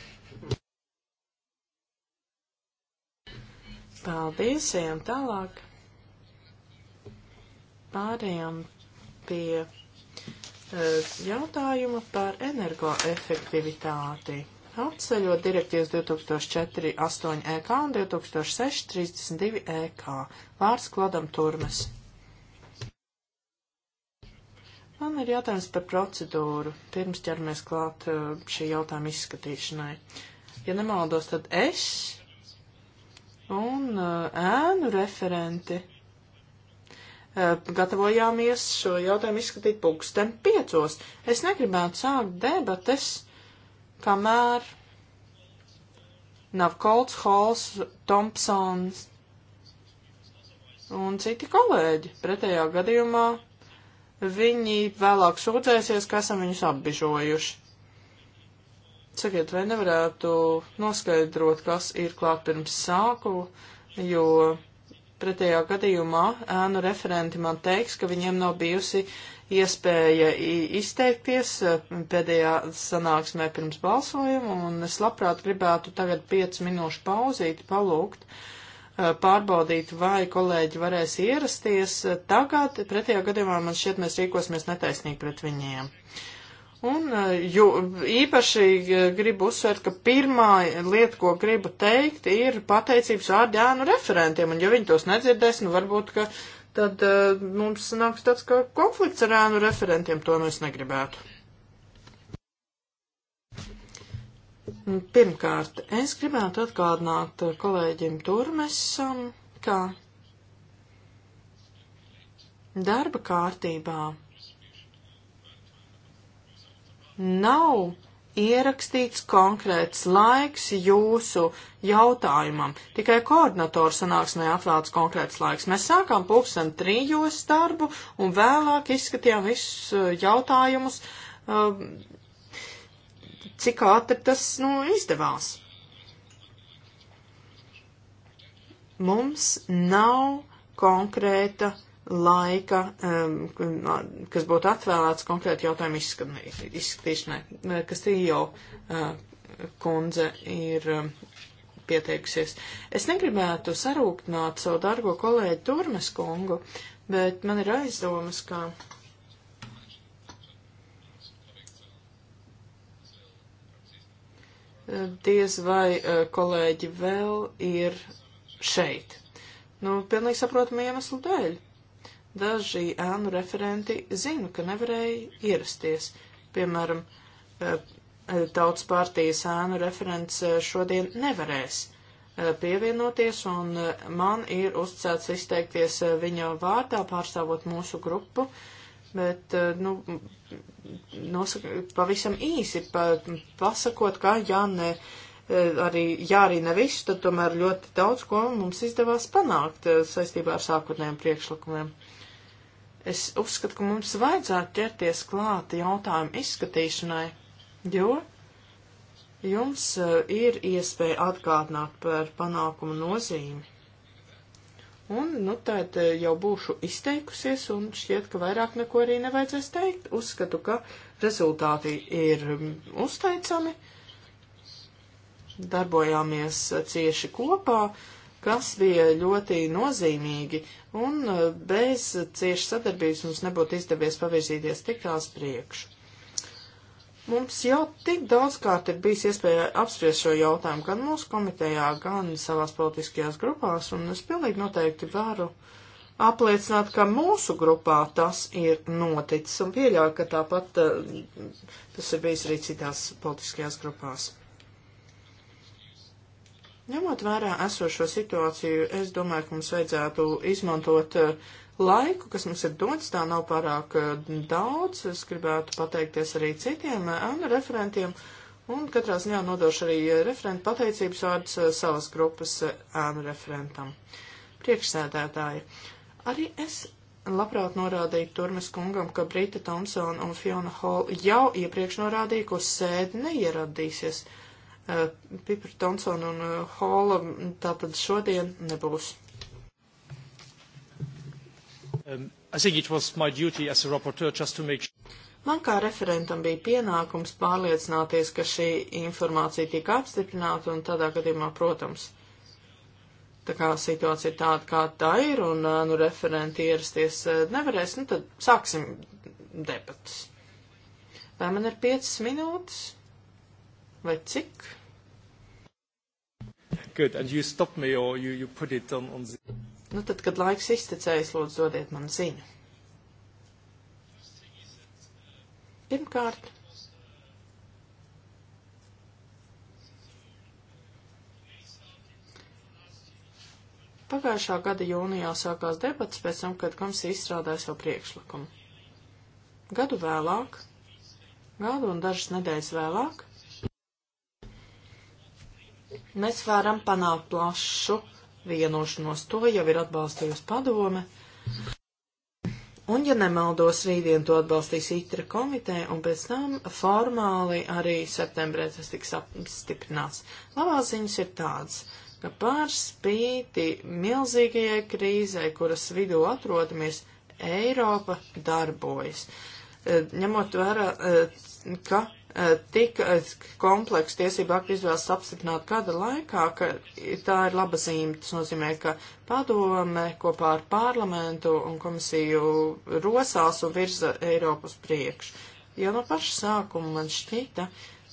Paldies, ejam tālāk. Pārējām pie uh, jautājuma par energoefektivitāti atceļot direktīvas 2004-8 EK un 2006-32 EK. Vārds Klodam Turmes. Man ir jautājums par procedūru, pirms ķeramies klāt uh, šī jautājuma izskatīšanai. Ja nemaldos, tad es un uh, ēnu referenti uh, gatavojāmies šo jautājumu izskatīt pulksten piecos. Es negribētu sākt debates kamēr nav Kolts, Hols, Thompsons un citi kolēģi. Pretējā gadījumā viņi vēlāk sūdzēsies, ka esam viņus apbižojuši. Sakiet, vai nevarētu noskaidrot, kas ir klāt pirms sāku, jo pretējā gadījumā ēnu referenti man teiks, ka viņiem nav bijusi iespēja izteikties eh, pēdējā sanāksmē pirms balsojuma, un es labprāt gribētu tagad 5 minūšu pauzīt, palūgt, eh, pārbaudīt, vai kolēģi varēs ierasties tagad, pretējā gadījumā man šķiet mēs rīkosimies netaisnīgi pret viņiem. Un eh, jo, īpaši gribu uzsvērt, ka pirmā lieta, ko gribu teikt, ir pateicības vārdi ēnu referentiem, un ja viņi tos nedzirdēs, nu varbūt, ka tad uh, mums nāks tāds kā konflikts ar ēnu referentiem, to mēs negribētu. Pirmkārt, es gribētu atgādināt kolēģim Turmesam, ka darba kārtībā nav ierakstīts konkrēts laiks jūsu jautājumam. Tikai koordinatoru sanāksmē atvēlts konkrēts laiks. Mēs sākām pulksten trījos darbu un vēlāk izskatījām visus uh, jautājumus, um, cik ātri tas nu, izdevās. Mums nav konkrēta laika, um, kas būtu atvēlēts konkrēti jautājumu izskatīšanai, kas Tījo uh, kundze ir um, pieteikusies. Es negribētu sarūktināt savu dargo kolēģi Turmes kungu, bet man ir aizdomas, ka. Diez vai uh, kolēģi vēl ir šeit. Nu, pilnīgi saprotamu iemeslu dēļ daži ēnu referenti zinu, ka nevarēja ierasties. Piemēram, eh, eh, tautas partijas ēnu referents eh, šodien nevarēs pievienoties, un man ir uzticēts izteikties viņa vārdā, pārstāvot mūsu grupu, bet, nu, nosaka, pavisam īsi pa, pasakot, ka, ja ne, arī, ja arī ne visu, tad tomēr ļoti daudz ko mums izdevās panākt saistībā ar sākotnējiem priekšlikumiem. Es uzskatu, ka mums vajadzētu ķerties klāt jautājumu izskatīšanai, jo jums eh, ir iespēja atgādināt par panākumu nozīmi. Un, nu, tad eh, jau būšu izteikusies, un šķiet, ka vairāk neko arī nevajadzēs teikt. Uzskatu, ka rezultāti ir mm, uzteicami, darbojāmies eh, cieši kopā, kas bija ļoti nozīmīgi un eh, bez ciešas sadarbības mums nebūtu izdevies pavirzīties tik tās priekšu. Mums jau tik daudzkārt ir bijis iespēja apspriest šo jautājumu gan mūsu komitejā, gan savās politiskajās grupās, un es pilnīgi noteikti varu apliecināt, ka mūsu grupā tas ir noticis, un pieļauju, ka tāpat eh, tas ir bijis arī citās politiskajās grupās. Ņemot vērā esošo situāciju, es domāju, ka mums vajadzētu izmantot eh, laiku, kas mums ir dots, tā nav pārāk eh, daudz. Es gribētu pateikties arī citiem ANU eh, referentiem, un katrā ziņā nodošu arī referentu pateicības vārdus savas grupas ANU referentam. Priekšsēdētāji, arī es labprāt norādīju Turmes kungam, ka Brita Thompson un Fiona Hall jau iepriekš norādīja, ka uz sēdi neieradīsies. Eh, Pipra Tonsona un Hola eh, mm, tātad šodien nebūs. Um, make... Man kā referentam bija pienākums pārliecināties, ka šī informācija tika apstiprināta un tādā gadījumā, protams, tā kā situācija ir tāda, kā tā ir, un eh, nu, referenti ierasties nevarēs, nu tad sāksim debatas. Vai man ir piecas minūtes? Vai cik? Good, and you stop me or you, you put it on, on the... Nu tad, kad laiks iztecējas, lūdzu dodiet man ziņu. Pirmkārt, Pagājušā gada jūnijā sākās debats pēc tam, kad komisija izstrādāja savu priekšlikumu. Gadu vēlāk, gadu un dažas nedēļas vēlāk, mēs varam panākt plašu vienošanos. To jau ir atbalstījusi padome. Un, ja nemaldos, rītdien to atbalstīs ITRA komiteja, un pēc tam formāli arī septembrē tas tiks apstiprināts. Labās ziņas ir tāds, ka pār spīti milzīgajai krīzai, kuras vidū atrodamies, Eiropa darbojas. E, ņemot vērā, e, ka Eh, tik eh, kompleksu tiesību aktu izvēles apstiprināt gada laikā, ka tā ir laba zīme. Tas nozīmē, ka padome kopā ar parlamentu un komisiju rosās un virza Eiropas priekš. Jau no paša sākuma man šķita,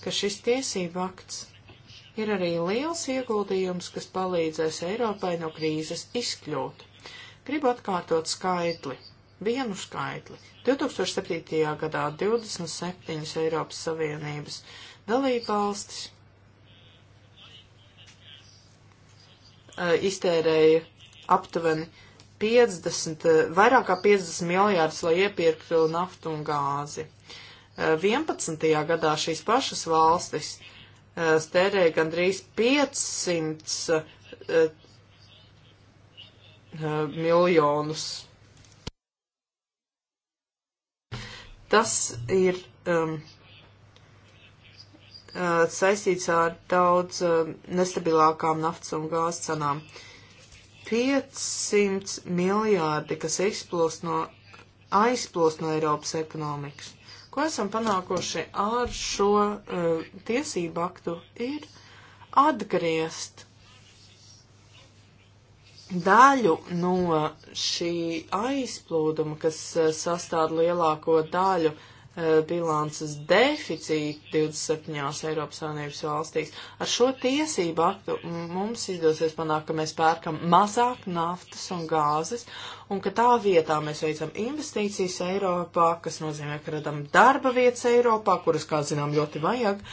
ka šis tiesību akts ir arī liels ieguldījums, kas palīdzēs Eiropai no krīzes izkļūt. Gribu atkārtot skaitli vienu skaitli. 2007. gadā 27 Eiropas Savienības dalībvalstis eh, iztērēja aptuveni 50, eh, vairāk kā 50 miljārdus, lai iepirktu naftu un gāzi. 11. Eh, gadā šīs pašas valstis stērēja gandrīz 500 miljonus Tas ir um, uh, saistīts ar daudz um, nestabilākām naftas un gāzes cenām. 500 miljārdi, kas izplūst no, aizplūst no Eiropas ekonomikas. Ko esam panākuši ar šo uh, tiesību aktu, ir atgriezt daļu no šī aizplūduma, kas eh, sastāv lielāko daļu eh, bilances deficīta 27 Eiropas Savienības valstīs. Ar šo tiesību aktu mums izdosies panākt, ka mēs pērkam mazāk naftas un gāzes, un ka tā vietā mēs veicam investīcijas Eiropā, kas nozīmē, ka radam darba vietas Eiropā, kuras, kā zinām, ļoti vajag.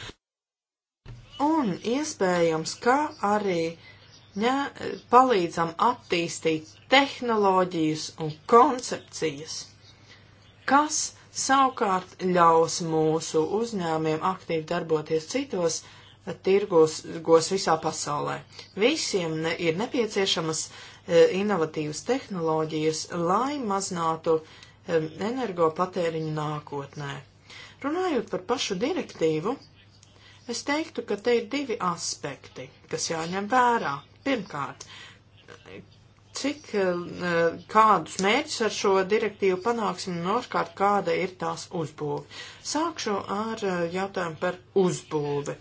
Un iespējams, ka arī uh, ņa, e, palīdzam attīstīt tehnoloģijas un koncepcijas, kas savukārt ļaus mūsu uzņēmiem aktīvi darboties citos e, tirgos gos visā pasaulē. Visiem ne, ir nepieciešamas e, inovatīvas tehnoloģijas, lai mazinātu e, energopatēriņu nākotnē. Runājot par pašu direktīvu, es teiktu, ka te ir divi aspekti, kas jāņem vērā. Pirmkārt, cik eh, kādus mērķus ar šo direktīvu panāksim un otrkārt, kāda ir tās uzbūve. Sākšu ar eh, jautājumu par uzbūvi.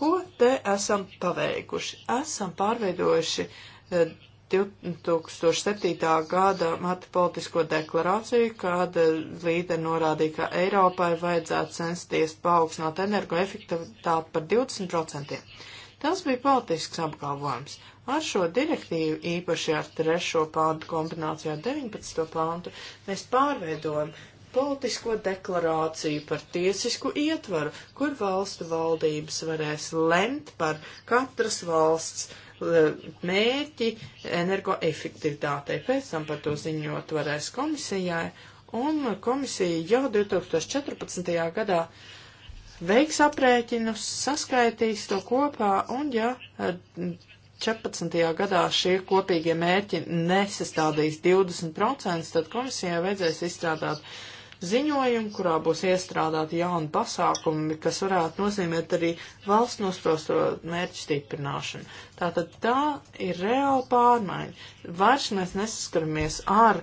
Ko te esam paveikuši? Esam pārveidojuši 2007. Eh, gada matu politisko deklarāciju, kāda līderi norādīja, ka Eiropai vajadzētu censties paaugstināt energoefektivitāti par 20%. Tas bija politisks apgalvojums. Ar šo direktīvu, īpaši ar trešo pāntu kombinācijā 19. pāntu, mēs pārveidojam politisko deklarāciju par tiesisku ietvaru, kur valstu valdības varēs lemt par katras valsts e, mērķi energoefektivitātei. Pēc tam par to ziņot varēs komisijai, un komisija jau 2014. gadā veiks aprēķinus, saskaitīs to kopā, un ja 14. Eh, gadā šie kopīgie mērķi nesastādīs 20%, tad komisijai vajadzēs izstrādāt ziņojumu, kurā būs iestrādāti jauni pasākumi, kas varētu nozīmēt arī valsts nosprosto mērķu stiprināšanu. Tātad tā ir reāla pārmaiņa. Vairs mēs nesaskaramies ar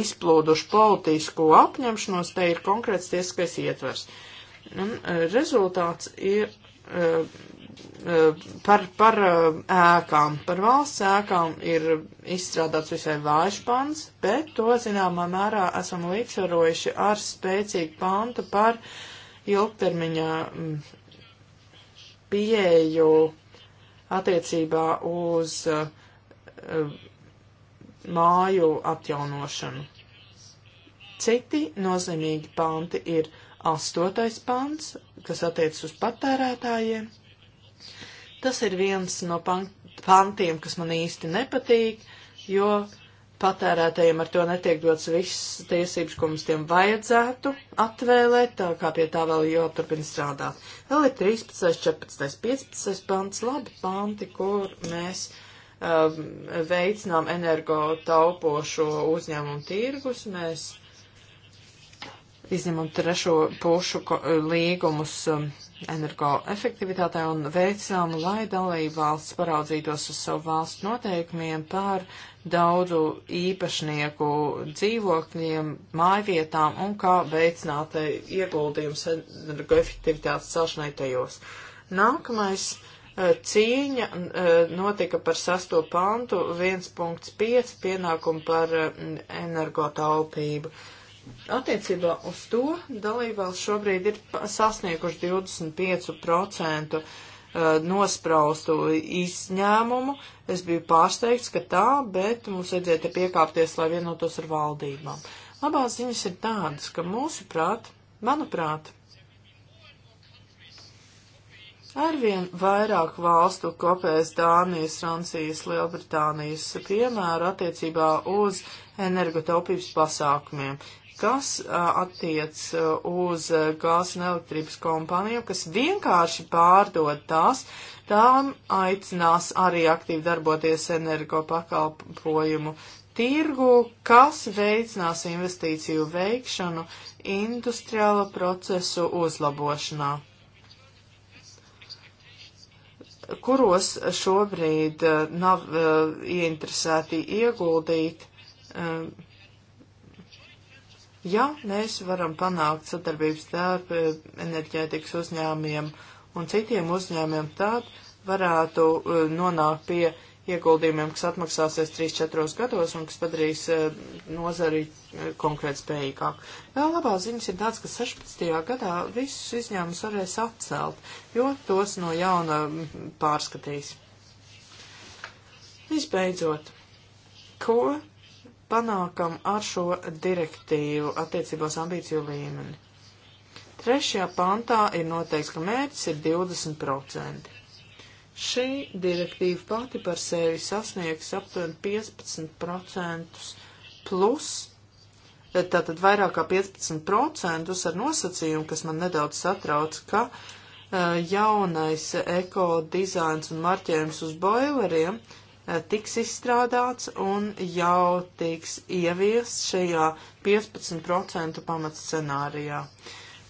izplūdušu politisko apņemšanos, te ir konkrēts tiesiskais ietvers. Uh, Un e, rezultāts ir e, e, par, par ēkām. Par valsts ēkām ir izstrādāts visai vājš pants, bet to zināmā mērā esam līdzsvarojuši ar spēcīgu pantu par ilgtermiņā pieeju attiecībā uz māju atjaunošanu. Citi nozīmīgi panti ir Astotais pants, kas attiecas uz patērētājiem. Tas ir viens no pantiem, kas man īsti nepatīk, jo patērētājiem ar to netiek dots viss tiesības, ko mums tiem vajadzētu atvēlēt, tā kā pie tā vēl jāturpina strādāt. Vēl ir 13, 14, 15 pants, labi panti, kur mēs um, veicinām energo taupošo uzņēmumu tirgus, mēs izņemot trešo pušu eh, līgumus um, energoefektivitātē un veicām, lai dalība valsts paraudzītos uz savu valstu noteikumiem par daudzu īpašnieku dzīvokļiem, mājvietām un kā veicināt eh, ieguldījums energoefektivitātes celšanai tajos. Nākamais eh, cīņa notika par sasto pantu 1.5 pienākumu par energotaupību. taupību Attiecībā uz to dalībvalsts šobrīd ir sasnieguši 25% uh, nospraustu izņēmumu. Es biju pārsteigts, ka tā, bet mums vajadzēja piekāpties, lai vienotos ar valdībām. Labās ziņas ir tādas, ka mūsuprāt, manuprāt, arvien vairāk valstu kopēs Dānijas, Francijas, Lielbritānijas piemēru attiecībā uz energotaupības pasākumiem kas attiec uz gāzes un elektrības kompānijām, kas vienkārši pārdod tās, tām aicinās arī aktīvi darboties energo pakalpojumu tirgu, kas veicinās investīciju veikšanu industriālo procesu uzlabošanā, kuros šobrīd nav uh, ieinteresēti ieguldīt. Uh, Ja mēs varam panākt sadarbības starp eh, enerģētikas uzņēmiem un citiem uzņēmiem, tad varētu uh, nonākt pie ieguldījumiem, kas atmaksāsies 3-4 gados un kas padarīs uh, nozari uh, konkrēt spējīgāk. Vēl labā ziņas ir tāds, ka 16. gadā visus izņēmumus varēs atcelt, jo tos no jauna mm, pārskatīs. Visbeidzot, ko panākam ar šo direktīvu attiecībās ambīciju līmeni. Trešajā pantā ir noteikts, ka mērķis ir 20%. Šī direktīva pati par sevi sasniegs aptuveni 15% plus, e, tātad vairāk kā 15% ar nosacījumu, kas man nedaudz satrauc, ka uh, jaunais ekodizains un marķējums uz boileriem uh, Eh, tiks izstrādāts un jau tiks ieviests šajā 15% pamatscenārijā.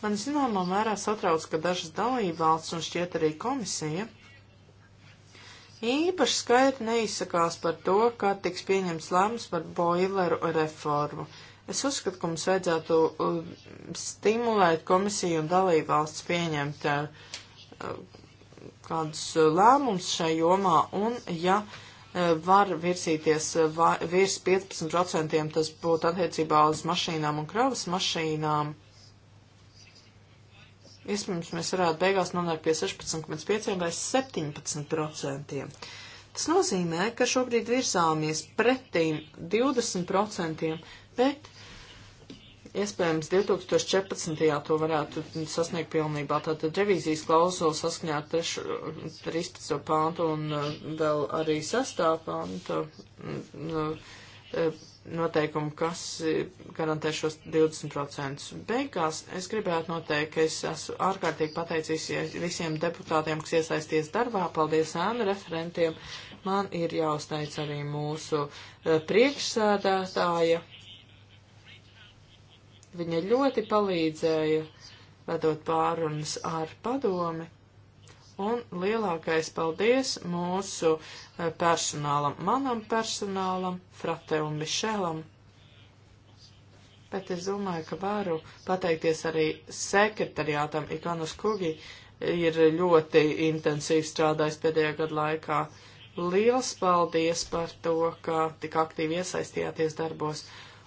Man zināmā mērā satrauc, ka dažas dalībvalsts un šķiet arī komisija īpaši skaidri neizsakās par to, kā tiks pieņemts lēmums par boileru reformu. Es uzskatu, ka mums vajadzētu eh, stimulēt komisiju un dalībvalsts pieņemt eh, kādus lēmumus šai jomā, un ja uh, var virsīties eh, virs 15%, tas būtu attiecībā uz mašīnām un kravas mašīnām. Iespējams, mēs varētu beigās nonākt pie 16,5 vai 17%. Tas nozīmē, ka šobrīd virzāmies pretīm 20%, bet Iespējams, 2014. to varētu sasniegt pilnībā. Tātad revīzijas klauzula saskaņā ar 13. pāntu un uh, vēl arī 6. pāntu mm, nu, uh, noteikumu, kas uh, garantē šos 20%. Beigās es gribētu noteikt, ka es esmu ārkārtīgi pateicīgs visiem deputātiem, kas iesaisties darbā. Paldies ēnu referentiem. Man ir jāuzteic arī mūsu priekšsēdētāja Viņa ļoti palīdzēja vedot pārunas ar padomi. Un lielākais paldies mūsu eh, personālam, manam personālam, Frate un Mišelam. Bet es domāju, ka varu pateikties arī sekretariātam Ikanus Kugi, ir ļoti intensīvi strādājis pēdējā gada laikā. Liels paldies par to, ka tik aktīvi iesaistījāties darbos.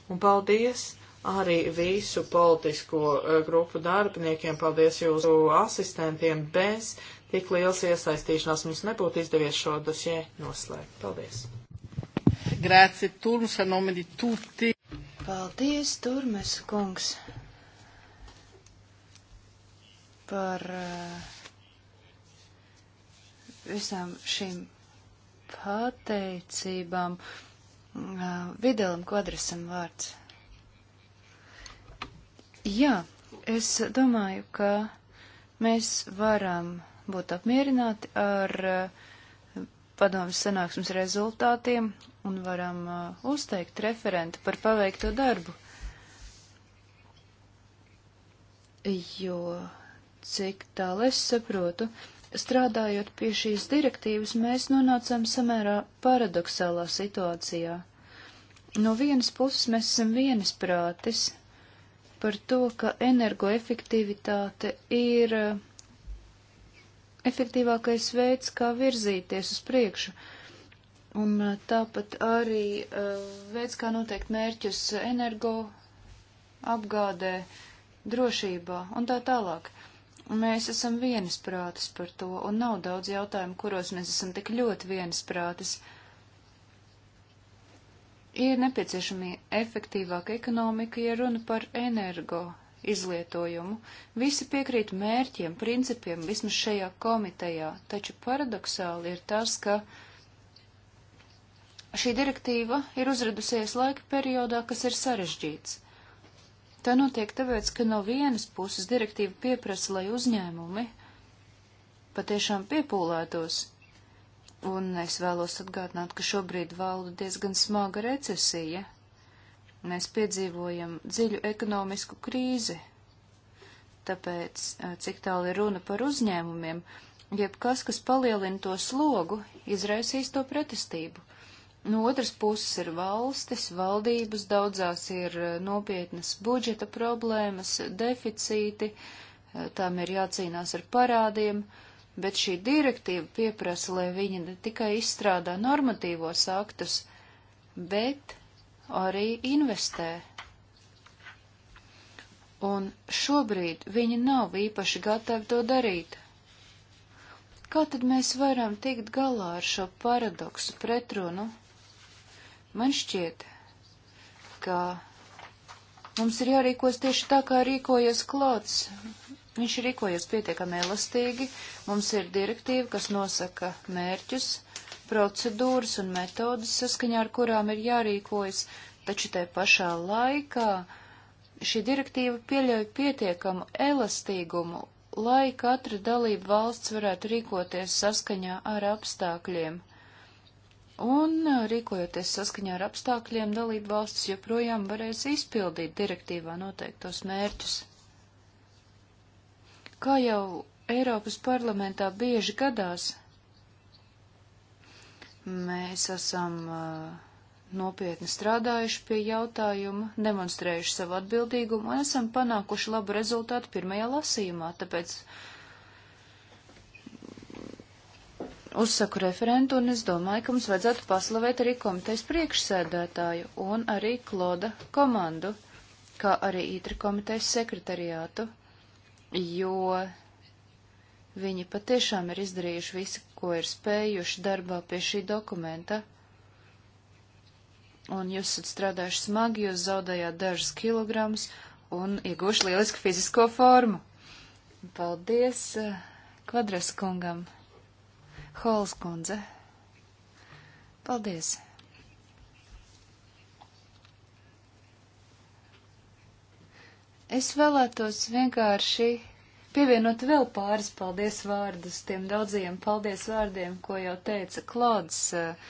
Un paldies arī visu politisko uh, grupu darbiniekiem, paldies jūsu asistentiem, bez tik liels iesaistīšanās mums nebūtu izdevies šo dosie noslēgt. Paldies! Grāci, Turms, ar nomedi tutti. Paldies, Turmes kungs, par uh, visām šīm pateicībām. Uh, e, Videlam Kodresam vārds. Jā, es domāju, ka mēs varam būt apmierināti ar eh, padomas sanāksmes rezultātiem un varam eh, uzteikt referentu par paveikto darbu. Jo, cik tālu es saprotu, strādājot pie šīs direktīvas, mēs nonācām samērā paradoxālā situācijā. No vienas puses mēs esam vienas prātis par to, ka energoefektivitāte ir eh, efektīvākais veids, kā virzīties uz priekšu. Un eh, tāpat arī eh, veids, kā noteikt mērķus energo apgādē, drošībā un tā tālāk. Mēs esam vienisprātis par to, un nav daudz jautājumu, kuros mēs esam tik ļoti vienisprātis. prātis. Ir nepieciešami efektīvāka ekonomika, ja runa par energo izlietojumu. Visi piekrīt mērķiem, principiem, vismaz šajā komitejā, taču paradoksāli ir tas, ka šī direktīva ir uzradusies laika periodā, kas ir sarežģīts. Tā notiek tāpēc, ka no vienas puses direktīva pieprasa, lai uzņēmumi patiešām piepūlētos Un es vēlos atgādināt, ka šobrīd valda diezgan smaga recesija. Mēs piedzīvojam dziļu ekonomisku krīzi, tāpēc, eh, cik tālu ir runa par uzņēmumiem, jebkas, kas palielina to slogu, izraisīs to pretestību. No otras puses ir valstis, valdības, daudzās ir eh, nopietnas budžeta problēmas, deficīti, eh, tām ir jācīnās ar parādiem. Uh, bet šī direktīva pieprasa, lai viņi ne tikai izstrādā normatīvos aktus, bet arī investē. Un šobrīd viņi nav īpaši gatavi to darīt. Kā tad mēs varam tikt galā ar šo paradoksu pretrunu? Man šķiet, ka mums ir jārīkos tieši tā, kā rīkojas klāts Viņš rīkojies pietiekami elastīgi. Mums ir direktīva, kas nosaka mērķus, procedūras un metodas, saskaņā ar kurām ir jārīkojas, taču tai pašā laikā šī direktīva pieļauj pietiekamu elastīgumu, lai katra dalība valsts varētu rīkoties saskaņā ar apstākļiem. Un, rīkojoties saskaņā ar apstākļiem, dalība valsts joprojām varēs izpildīt direktīvā noteiktos mērķus. Kā jau Eiropas parlamentā bieži gadās, mēs esam uh, nopietni strādājuši pie jautājuma, demonstrējuši savu atbildīgumu un esam panākuši labu rezultātu pirmajā lasījumā, tāpēc uzsaku referentu un es domāju, ka mums vajadzētu paslavēt arī komitejas priekšsēdētāju un arī Kloda komandu, kā arī ITRI komitejas sekretariātu jo viņi patiešām ir izdarījuši visu, ko ir spējuši darbā pie šī dokumenta. Un jūs esat strādājuši smagi, jūs zaudējāt dažus kilogramus un iegūši lielisku fizisko formu. Paldies kvadras kungam. Hols kundze. Paldies. Es vēlētos vienkārši pievienot vēl pāris paldies vārdus tiem daudziem paldies vārdiem, ko jau teica Klods. Eh.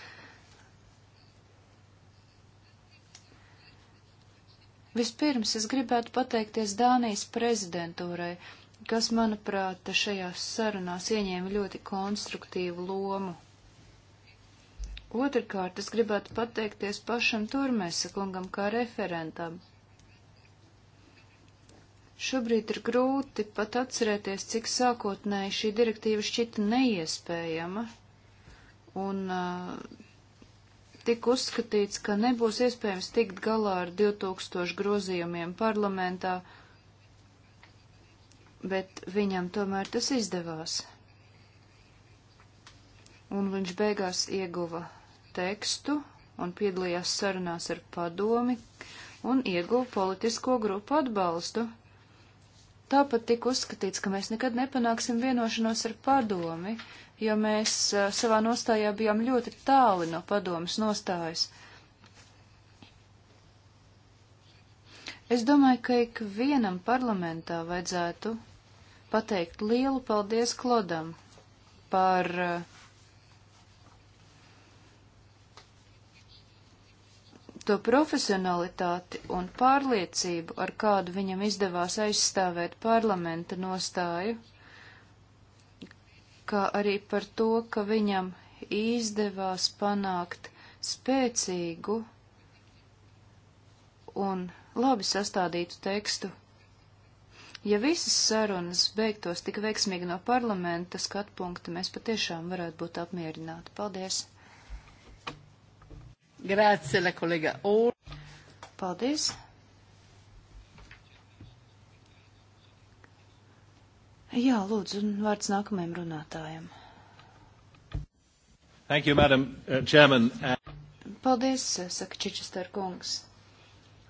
Vispirms es gribētu pateikties Dānijas prezidentūrai, kas, manuprāt, šajās sarunās ieņēma ļoti konstruktīvu lomu. Otrakārt, es gribētu pateikties pašam Turmēsa kungam kā referentam Šobrīd ir grūti pat atcerēties, cik sākotnēji šī direktīva šķita neiespējama, un uh, tika uzskatīts, ka nebūs iespējams tikt galā ar 2000 grozījumiem parlamentā, bet viņam tomēr tas izdevās. Un viņš beigās ieguva tekstu un piedalījās sarunās ar padomi un ieguva politisko grupu atbalstu. Tāpat tika uzskatīts, ka mēs nekad nepanāksim vienošanos ar padomi, jo mēs eh, savā nostājā bijām ļoti tāli no padomas nostājas. Es domāju, ka ik vienam parlamentā vajadzētu pateikt lielu paldies Klodam par uh, to profesionalitāti un pārliecību, ar kādu viņam izdevās aizstāvēt parlamenta nostāju, kā arī par to, ka viņam izdevās panākt spēcīgu un labi sastādītu tekstu. Ja visas sarunas beigtos tik veiksmīgi no parlamenta skatu punkta, mēs patiešām varētu būt apmierināti. Paldies! Grācija, la kolēga Ol. Paldies. Jā, lūdzu, vārds nākamajam runātājam. Thank you, Madam uh, Chairman. Paldies, uh, saka Čičester kungs.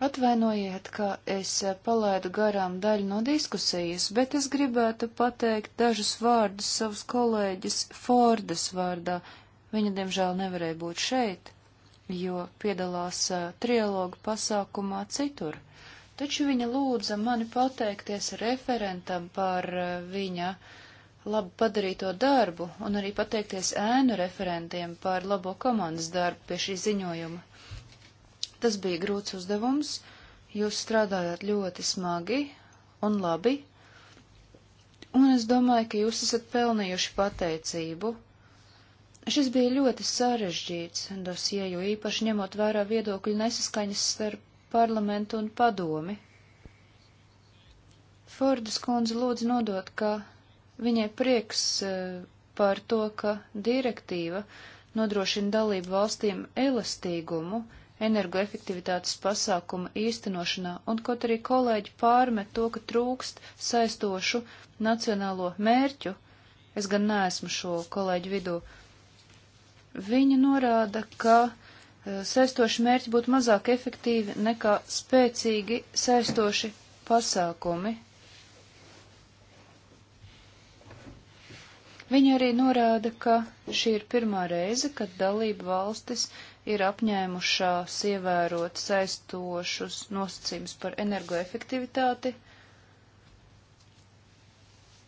Atvainojiet, ka es uh, palaidu garām daļu no diskusijas, bet es gribētu pateikt dažus vārdus savas kolēģis Fordas vārdā. Viņa, diemžēl, nevarēja būt šeit jo piedalās uh, trialogu pasākumā citur. Taču viņa lūdza mani pateikties referentam par uh, viņa labu padarīto darbu un arī pateikties ēnu referentiem par labo komandas darbu pie šī ziņojuma. Tas bija grūts uzdevums, jūs strādājāt ļoti smagi un labi, un es domāju, ka jūs esat pelnījuši pateicību Šis bija ļoti sarežģīts dosie, jo īpaši ņemot vērā viedokļu nesaskaņas starp parlamentu un padomi. Fordas kundze lūdz nodot, ka viņai prieks e, par to, ka direktīva nodrošina dalību valstīm elastīgumu energoefektivitātes pasākuma īstenošanā, un kaut arī kolēģi pārmet to, ka trūkst saistošu nacionālo mērķu, es gan neesmu šo kolēģu vidū, Viņa norāda, ka e, saistoši mērķi būtu mazāk efektīvi nekā spēcīgi saistoši pasākumi. Viņa arī norāda, ka šī ir pirmā reize, kad dalība valstis ir apņēmušās ievērot saistošus nosacījumus par energoefektivitāti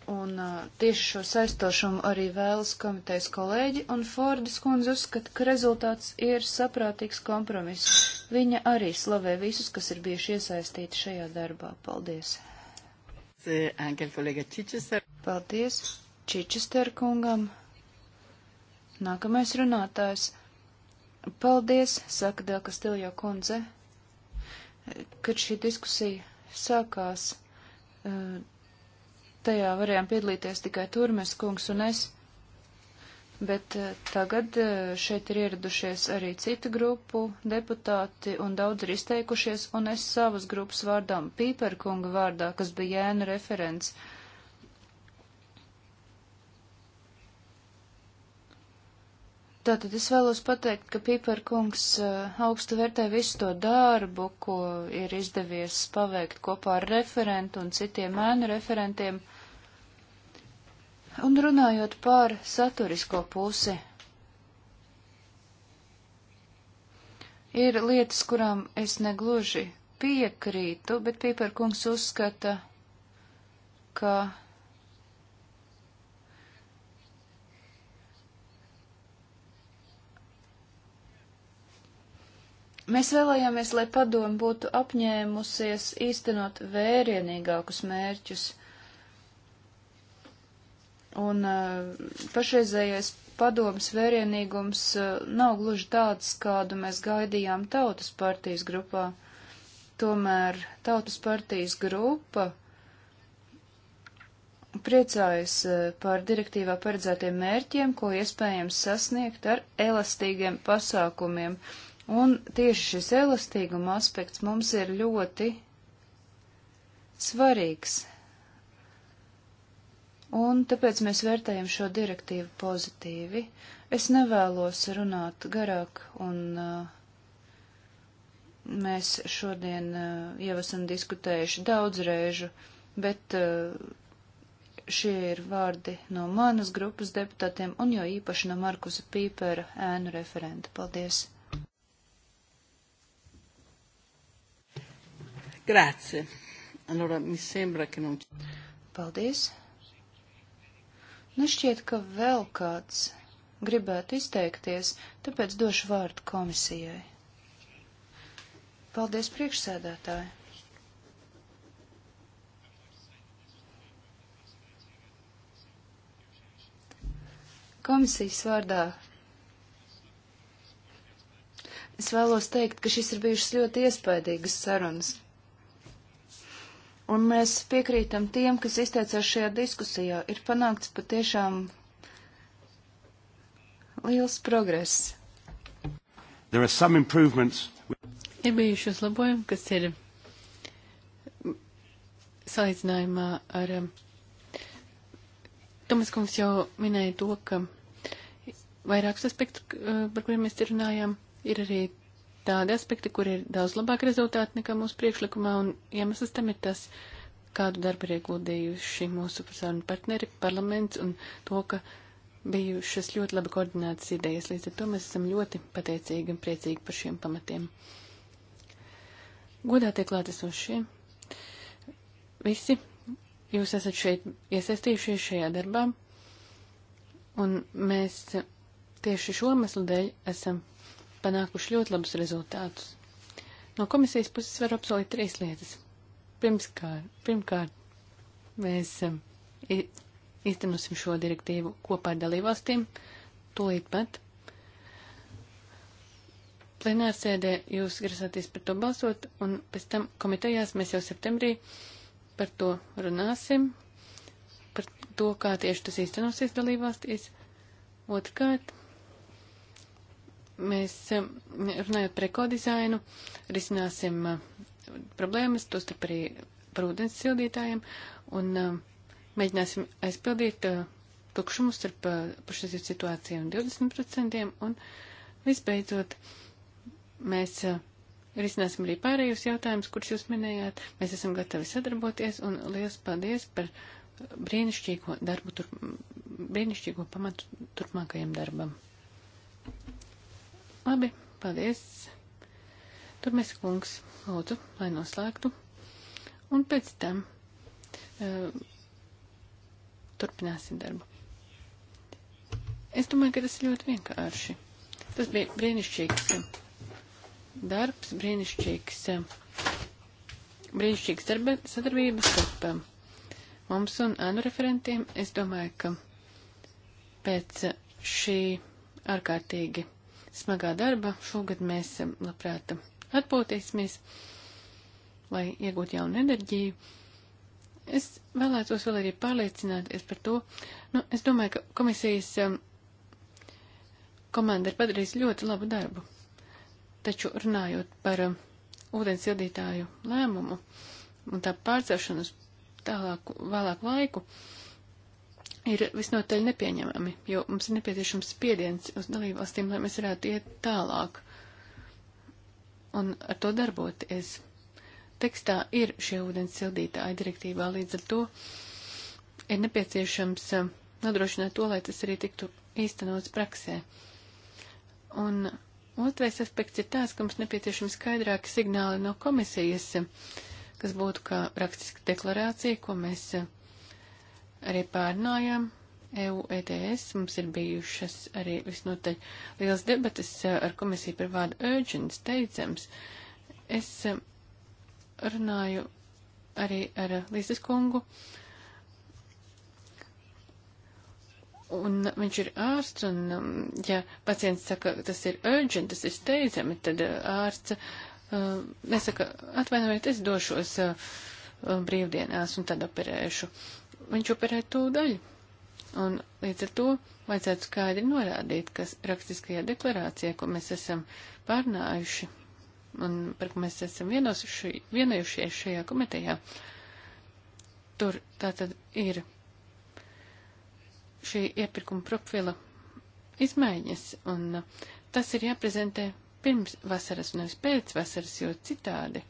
un tieši šo saistošumu arī vēlas komitejas kolēģi, un Fordas kundze uzskata, ka rezultāts ir saprātīgs kompromiss. Viņa arī slavē visus, kas ir bijuši iesaistīti šajā darbā. Paldies! Paldies Čičester kungam! Nākamais runātājs. Paldies, saka Dēlka Stiljo kundze. Kad šī diskusija sākās, uh, Tajā varējām piedalīties tikai Turmes kungs un es, bet eh, tagad eh, šeit ir ieradušies arī citu grupu deputāti un daudz ir izteikušies, un es savas grupas vārdām Pīperkunga vārdā, kas bija Jēna referents, uh, Tātad es vēlos pateikt, ka Pīpar kungs eh, augstu vērtē visu to darbu, ko ir izdevies paveikt kopā ar referentu un citiem ēnu referentiem. Un runājot par saturisko pusi, ir lietas, kurām es negluži piekrītu, bet Pīpar kungs uzskata, ka Mēs vēlējāmies, lai padomu būtu apņēmusies īstenot vērienīgākus mērķus. Un uh, pašreizējais padomas vērienīgums uh, nav gluži tāds, kādu mēs gaidījām tautas partijas grupā. Tomēr tautas partijas grupa priecājas uh, par direktīvā paredzētiem mērķiem, ko iespējams sasniegt ar elastīgiem pasākumiem. Uh, Un tieši šis elastīguma aspekts mums ir ļoti svarīgs. Un tāpēc mēs vērtējam šo direktīvu pozitīvi. Es nevēlos runāt garāk, un uh, mēs šodien uh, jau esam diskutējuši daudz reižu, bet uh, šie ir vārdi no manas grupas deputātiem un jo īpaši no Markusa Pīpera ēnu referenta. Paldies! Grazie. Allora, mi sembra che non... Paldies. Nu šķiet, ka vēl kāds gribētu izteikties, tāpēc došu vārdu komisijai. Paldies, priekšsēdētāji. Komisijas vārdā es vēlos teikt, ka šis ir bijušas ļoti iespaidīgas sarunas. Un mēs piekrītam tiem, kas izteicās šajā diskusijā. Ir panākts patiešām liels progress. Ir bijuši uzlabojumi, kas ir salīdzinājumā ar. Um, Tomas kungs jau minēja to, ka vairākus aspektus, uh, par kuriem mēs te runājām, ir arī tādi aspekti, kur ir daudz labāk rezultāti nekā mūsu priekšlikumā, un iemesls tam ir tas, kādu darbu ir ieguldījuši mūsu sarunu partneri, parlaments, un to, ka bijušas ļoti labi koordinētas idejas. Līdz ar to mēs esam ļoti pateicīgi un priecīgi par šiem pamatiem. Godātie klātesošie, visi jūs esat šeit iesaistījušies šajā darbā, un mēs tieši šo meslu dēļ esam panākuši ļoti labus rezultātus. No komisijas puses var apsolīt trīs lietas. Pirmskār, pirmkārt, mēs um, īstenosim šo direktīvu kopā ar dalībvalstīm, tūlīt pat. Plenārsēdē jūs grasāties par to balsot, un pēc tam komitejās mēs jau septembrī par to runāsim, par to, kā tieši tas īstenosies dalībvalstīs. Otrkārt, Mēs um, runājot par ekodizainu, risināsim uh, problēmas, tostarp arī par ūdens sildītājiem, un um, mēģināsim aizpildīt uh, tukšumu starp pašreizību situācijām 20%, un visbeidzot, mēs uh, risināsim arī pārējos jautājumus, kurus jūs minējāt. Mēs esam gatavi sadarboties, un liels paldies par brīnišķīgo darbu, tur, brīnišķīgo pamatu turpmākajam darbam. Labi, paldies. Tur mēs kungs lūdzu, lai noslēgtu. Un pēc tam uh, turpināsim darbu. Es domāju, ka tas ir ļoti vienkārši. Tas bija brīnišķīgs darbs, brīnišķīgs, e, brīnišķīgs darba sadarbības starp um, mums un ānu referentiem. Es domāju, ka pēc šī ārkārtīgi smagā darba. Šogad mēs um, labprāt um, atpūtīsimies, lai iegūtu jaunu enerģiju. Es vēlētos vēl arī pārliecināties par to. Nu, es domāju, ka komisijas um, komanda ir padarījusi ļoti labu darbu. Taču runājot par ūdens sildītāju lēmumu un tā pārcelšanu uz tālāku, vēlāku laiku, uh, ir visnotaļ nepieņemami, jo mums ir nepieciešams spiediens uz dalībvalstīm, lai mēs varētu iet tālāk un ar to darboties. Tekstā ir šie ūdens sildītāji direktīvā, līdz ar to ir nepieciešams eh, nodrošināt to, lai tas arī tiktu īstenots praksē. Un otrais aspekts ir tās, ka mums nepieciešams skaidrāki signāli no komisijas, kas būtu kā rakstiska deklarācija, ko mēs uh, arī pārnājām EU ETS. Mums ir bijušas arī visnotaļ liels debatas e, ar komisiju par vārdu urgent, steidzams. Es e, runāju arī ar e, Līsas kungu. Un viņš ir ārsts, un um, ja pacients saka, tas ir urgent, tas ir steidzami, tad ārsts uh, nesaka, atvainojiet, es došos uh, brīvdienās un tad operēšu. Uh, viņš operē tūdaļ. Un līdz ar to vajadzētu skaidri norādīt, ka rakstiskajā deklarācijā, ko mēs esam pārnājuši un par ko mēs esam vienojušies šajā komitejā, tur tātad ir šī iepirkuma profila izmaiņas, un tas ir jāprezentē pirms vasaras, nevis pēc vasaras, jo citādi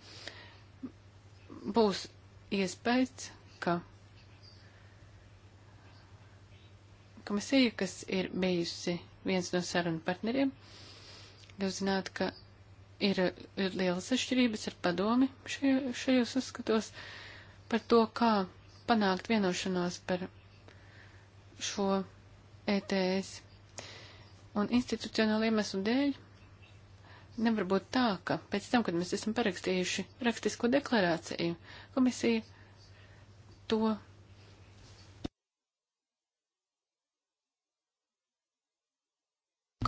būs iespējas, ka Komisija, kas ir bijusi viens no sarunu partneriem, jūs zināt, ka ir, ir lielas atšķirības ar padomi šajos, šajos uzskatos par to, kā panākt vienošanos par šo ETS. Un institucionāli iemeslu dēļ nevar būt tā, ka pēc tam, kad mēs esam parakstījuši rakstisko deklarāciju, komisija to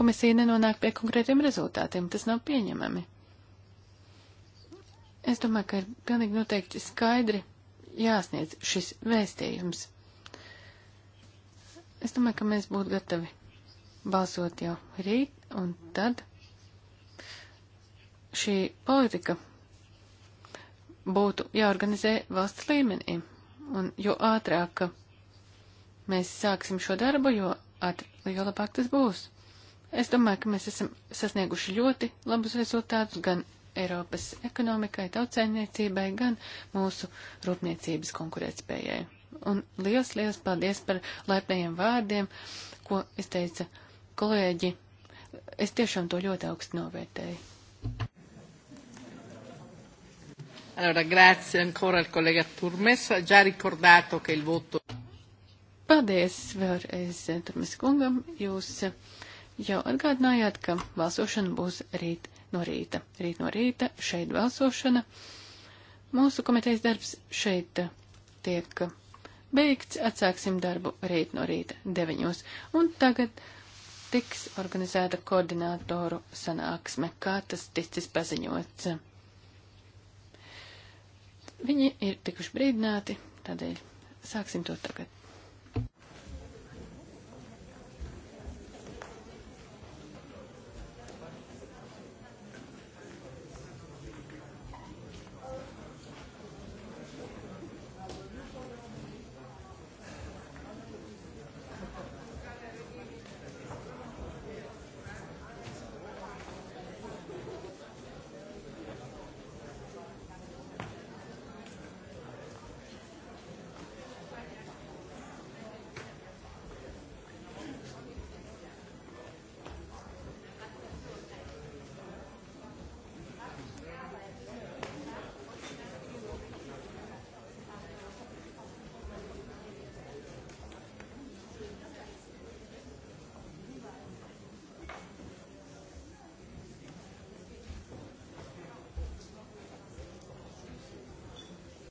komisija nenonāk pie konkrētiem rezultātiem. Tas nav pieņemami. Es domāju, ka ir pilnīgi noteikti skaidri jāsniedz šis vēstījums. Es domāju, ka mēs būtu gatavi balsot jau rīt, un tad šī politika būtu jāorganizē valsts līmenī. Un jo ātrāk mēs sāksim šo darbu, jo, ātri, jo labāk tas būs. Es domāju, ka mēs esam sasnieguši ļoti labus rezultātus gan Eiropas ekonomikai, tautsēmniecībai, gan mūsu rūpniecības konkurētspējai. Un liels, liels paldies par laipnajiem vārdiem, ko es teica kolēģi. Es tiešām to ļoti augstu novērtēju. Allora, grazie ancora al collega Turmes, ha già ricordato che il voto. Paldies vēlreiz Turmes kungam, jūs Jau atgādinājāt, ka balsošana būs rīt no rīta. Rīt no rīta šeit balsošana. Mūsu komitejas darbs šeit tiek beigts. Atsāksim darbu rīt no rīta 9. Un tagad tiks organizēta koordinātoru sanāksme, kā tas ticis paziņots. Viņi ir tikuši brīdināti, tādēļ sāksim to tagad.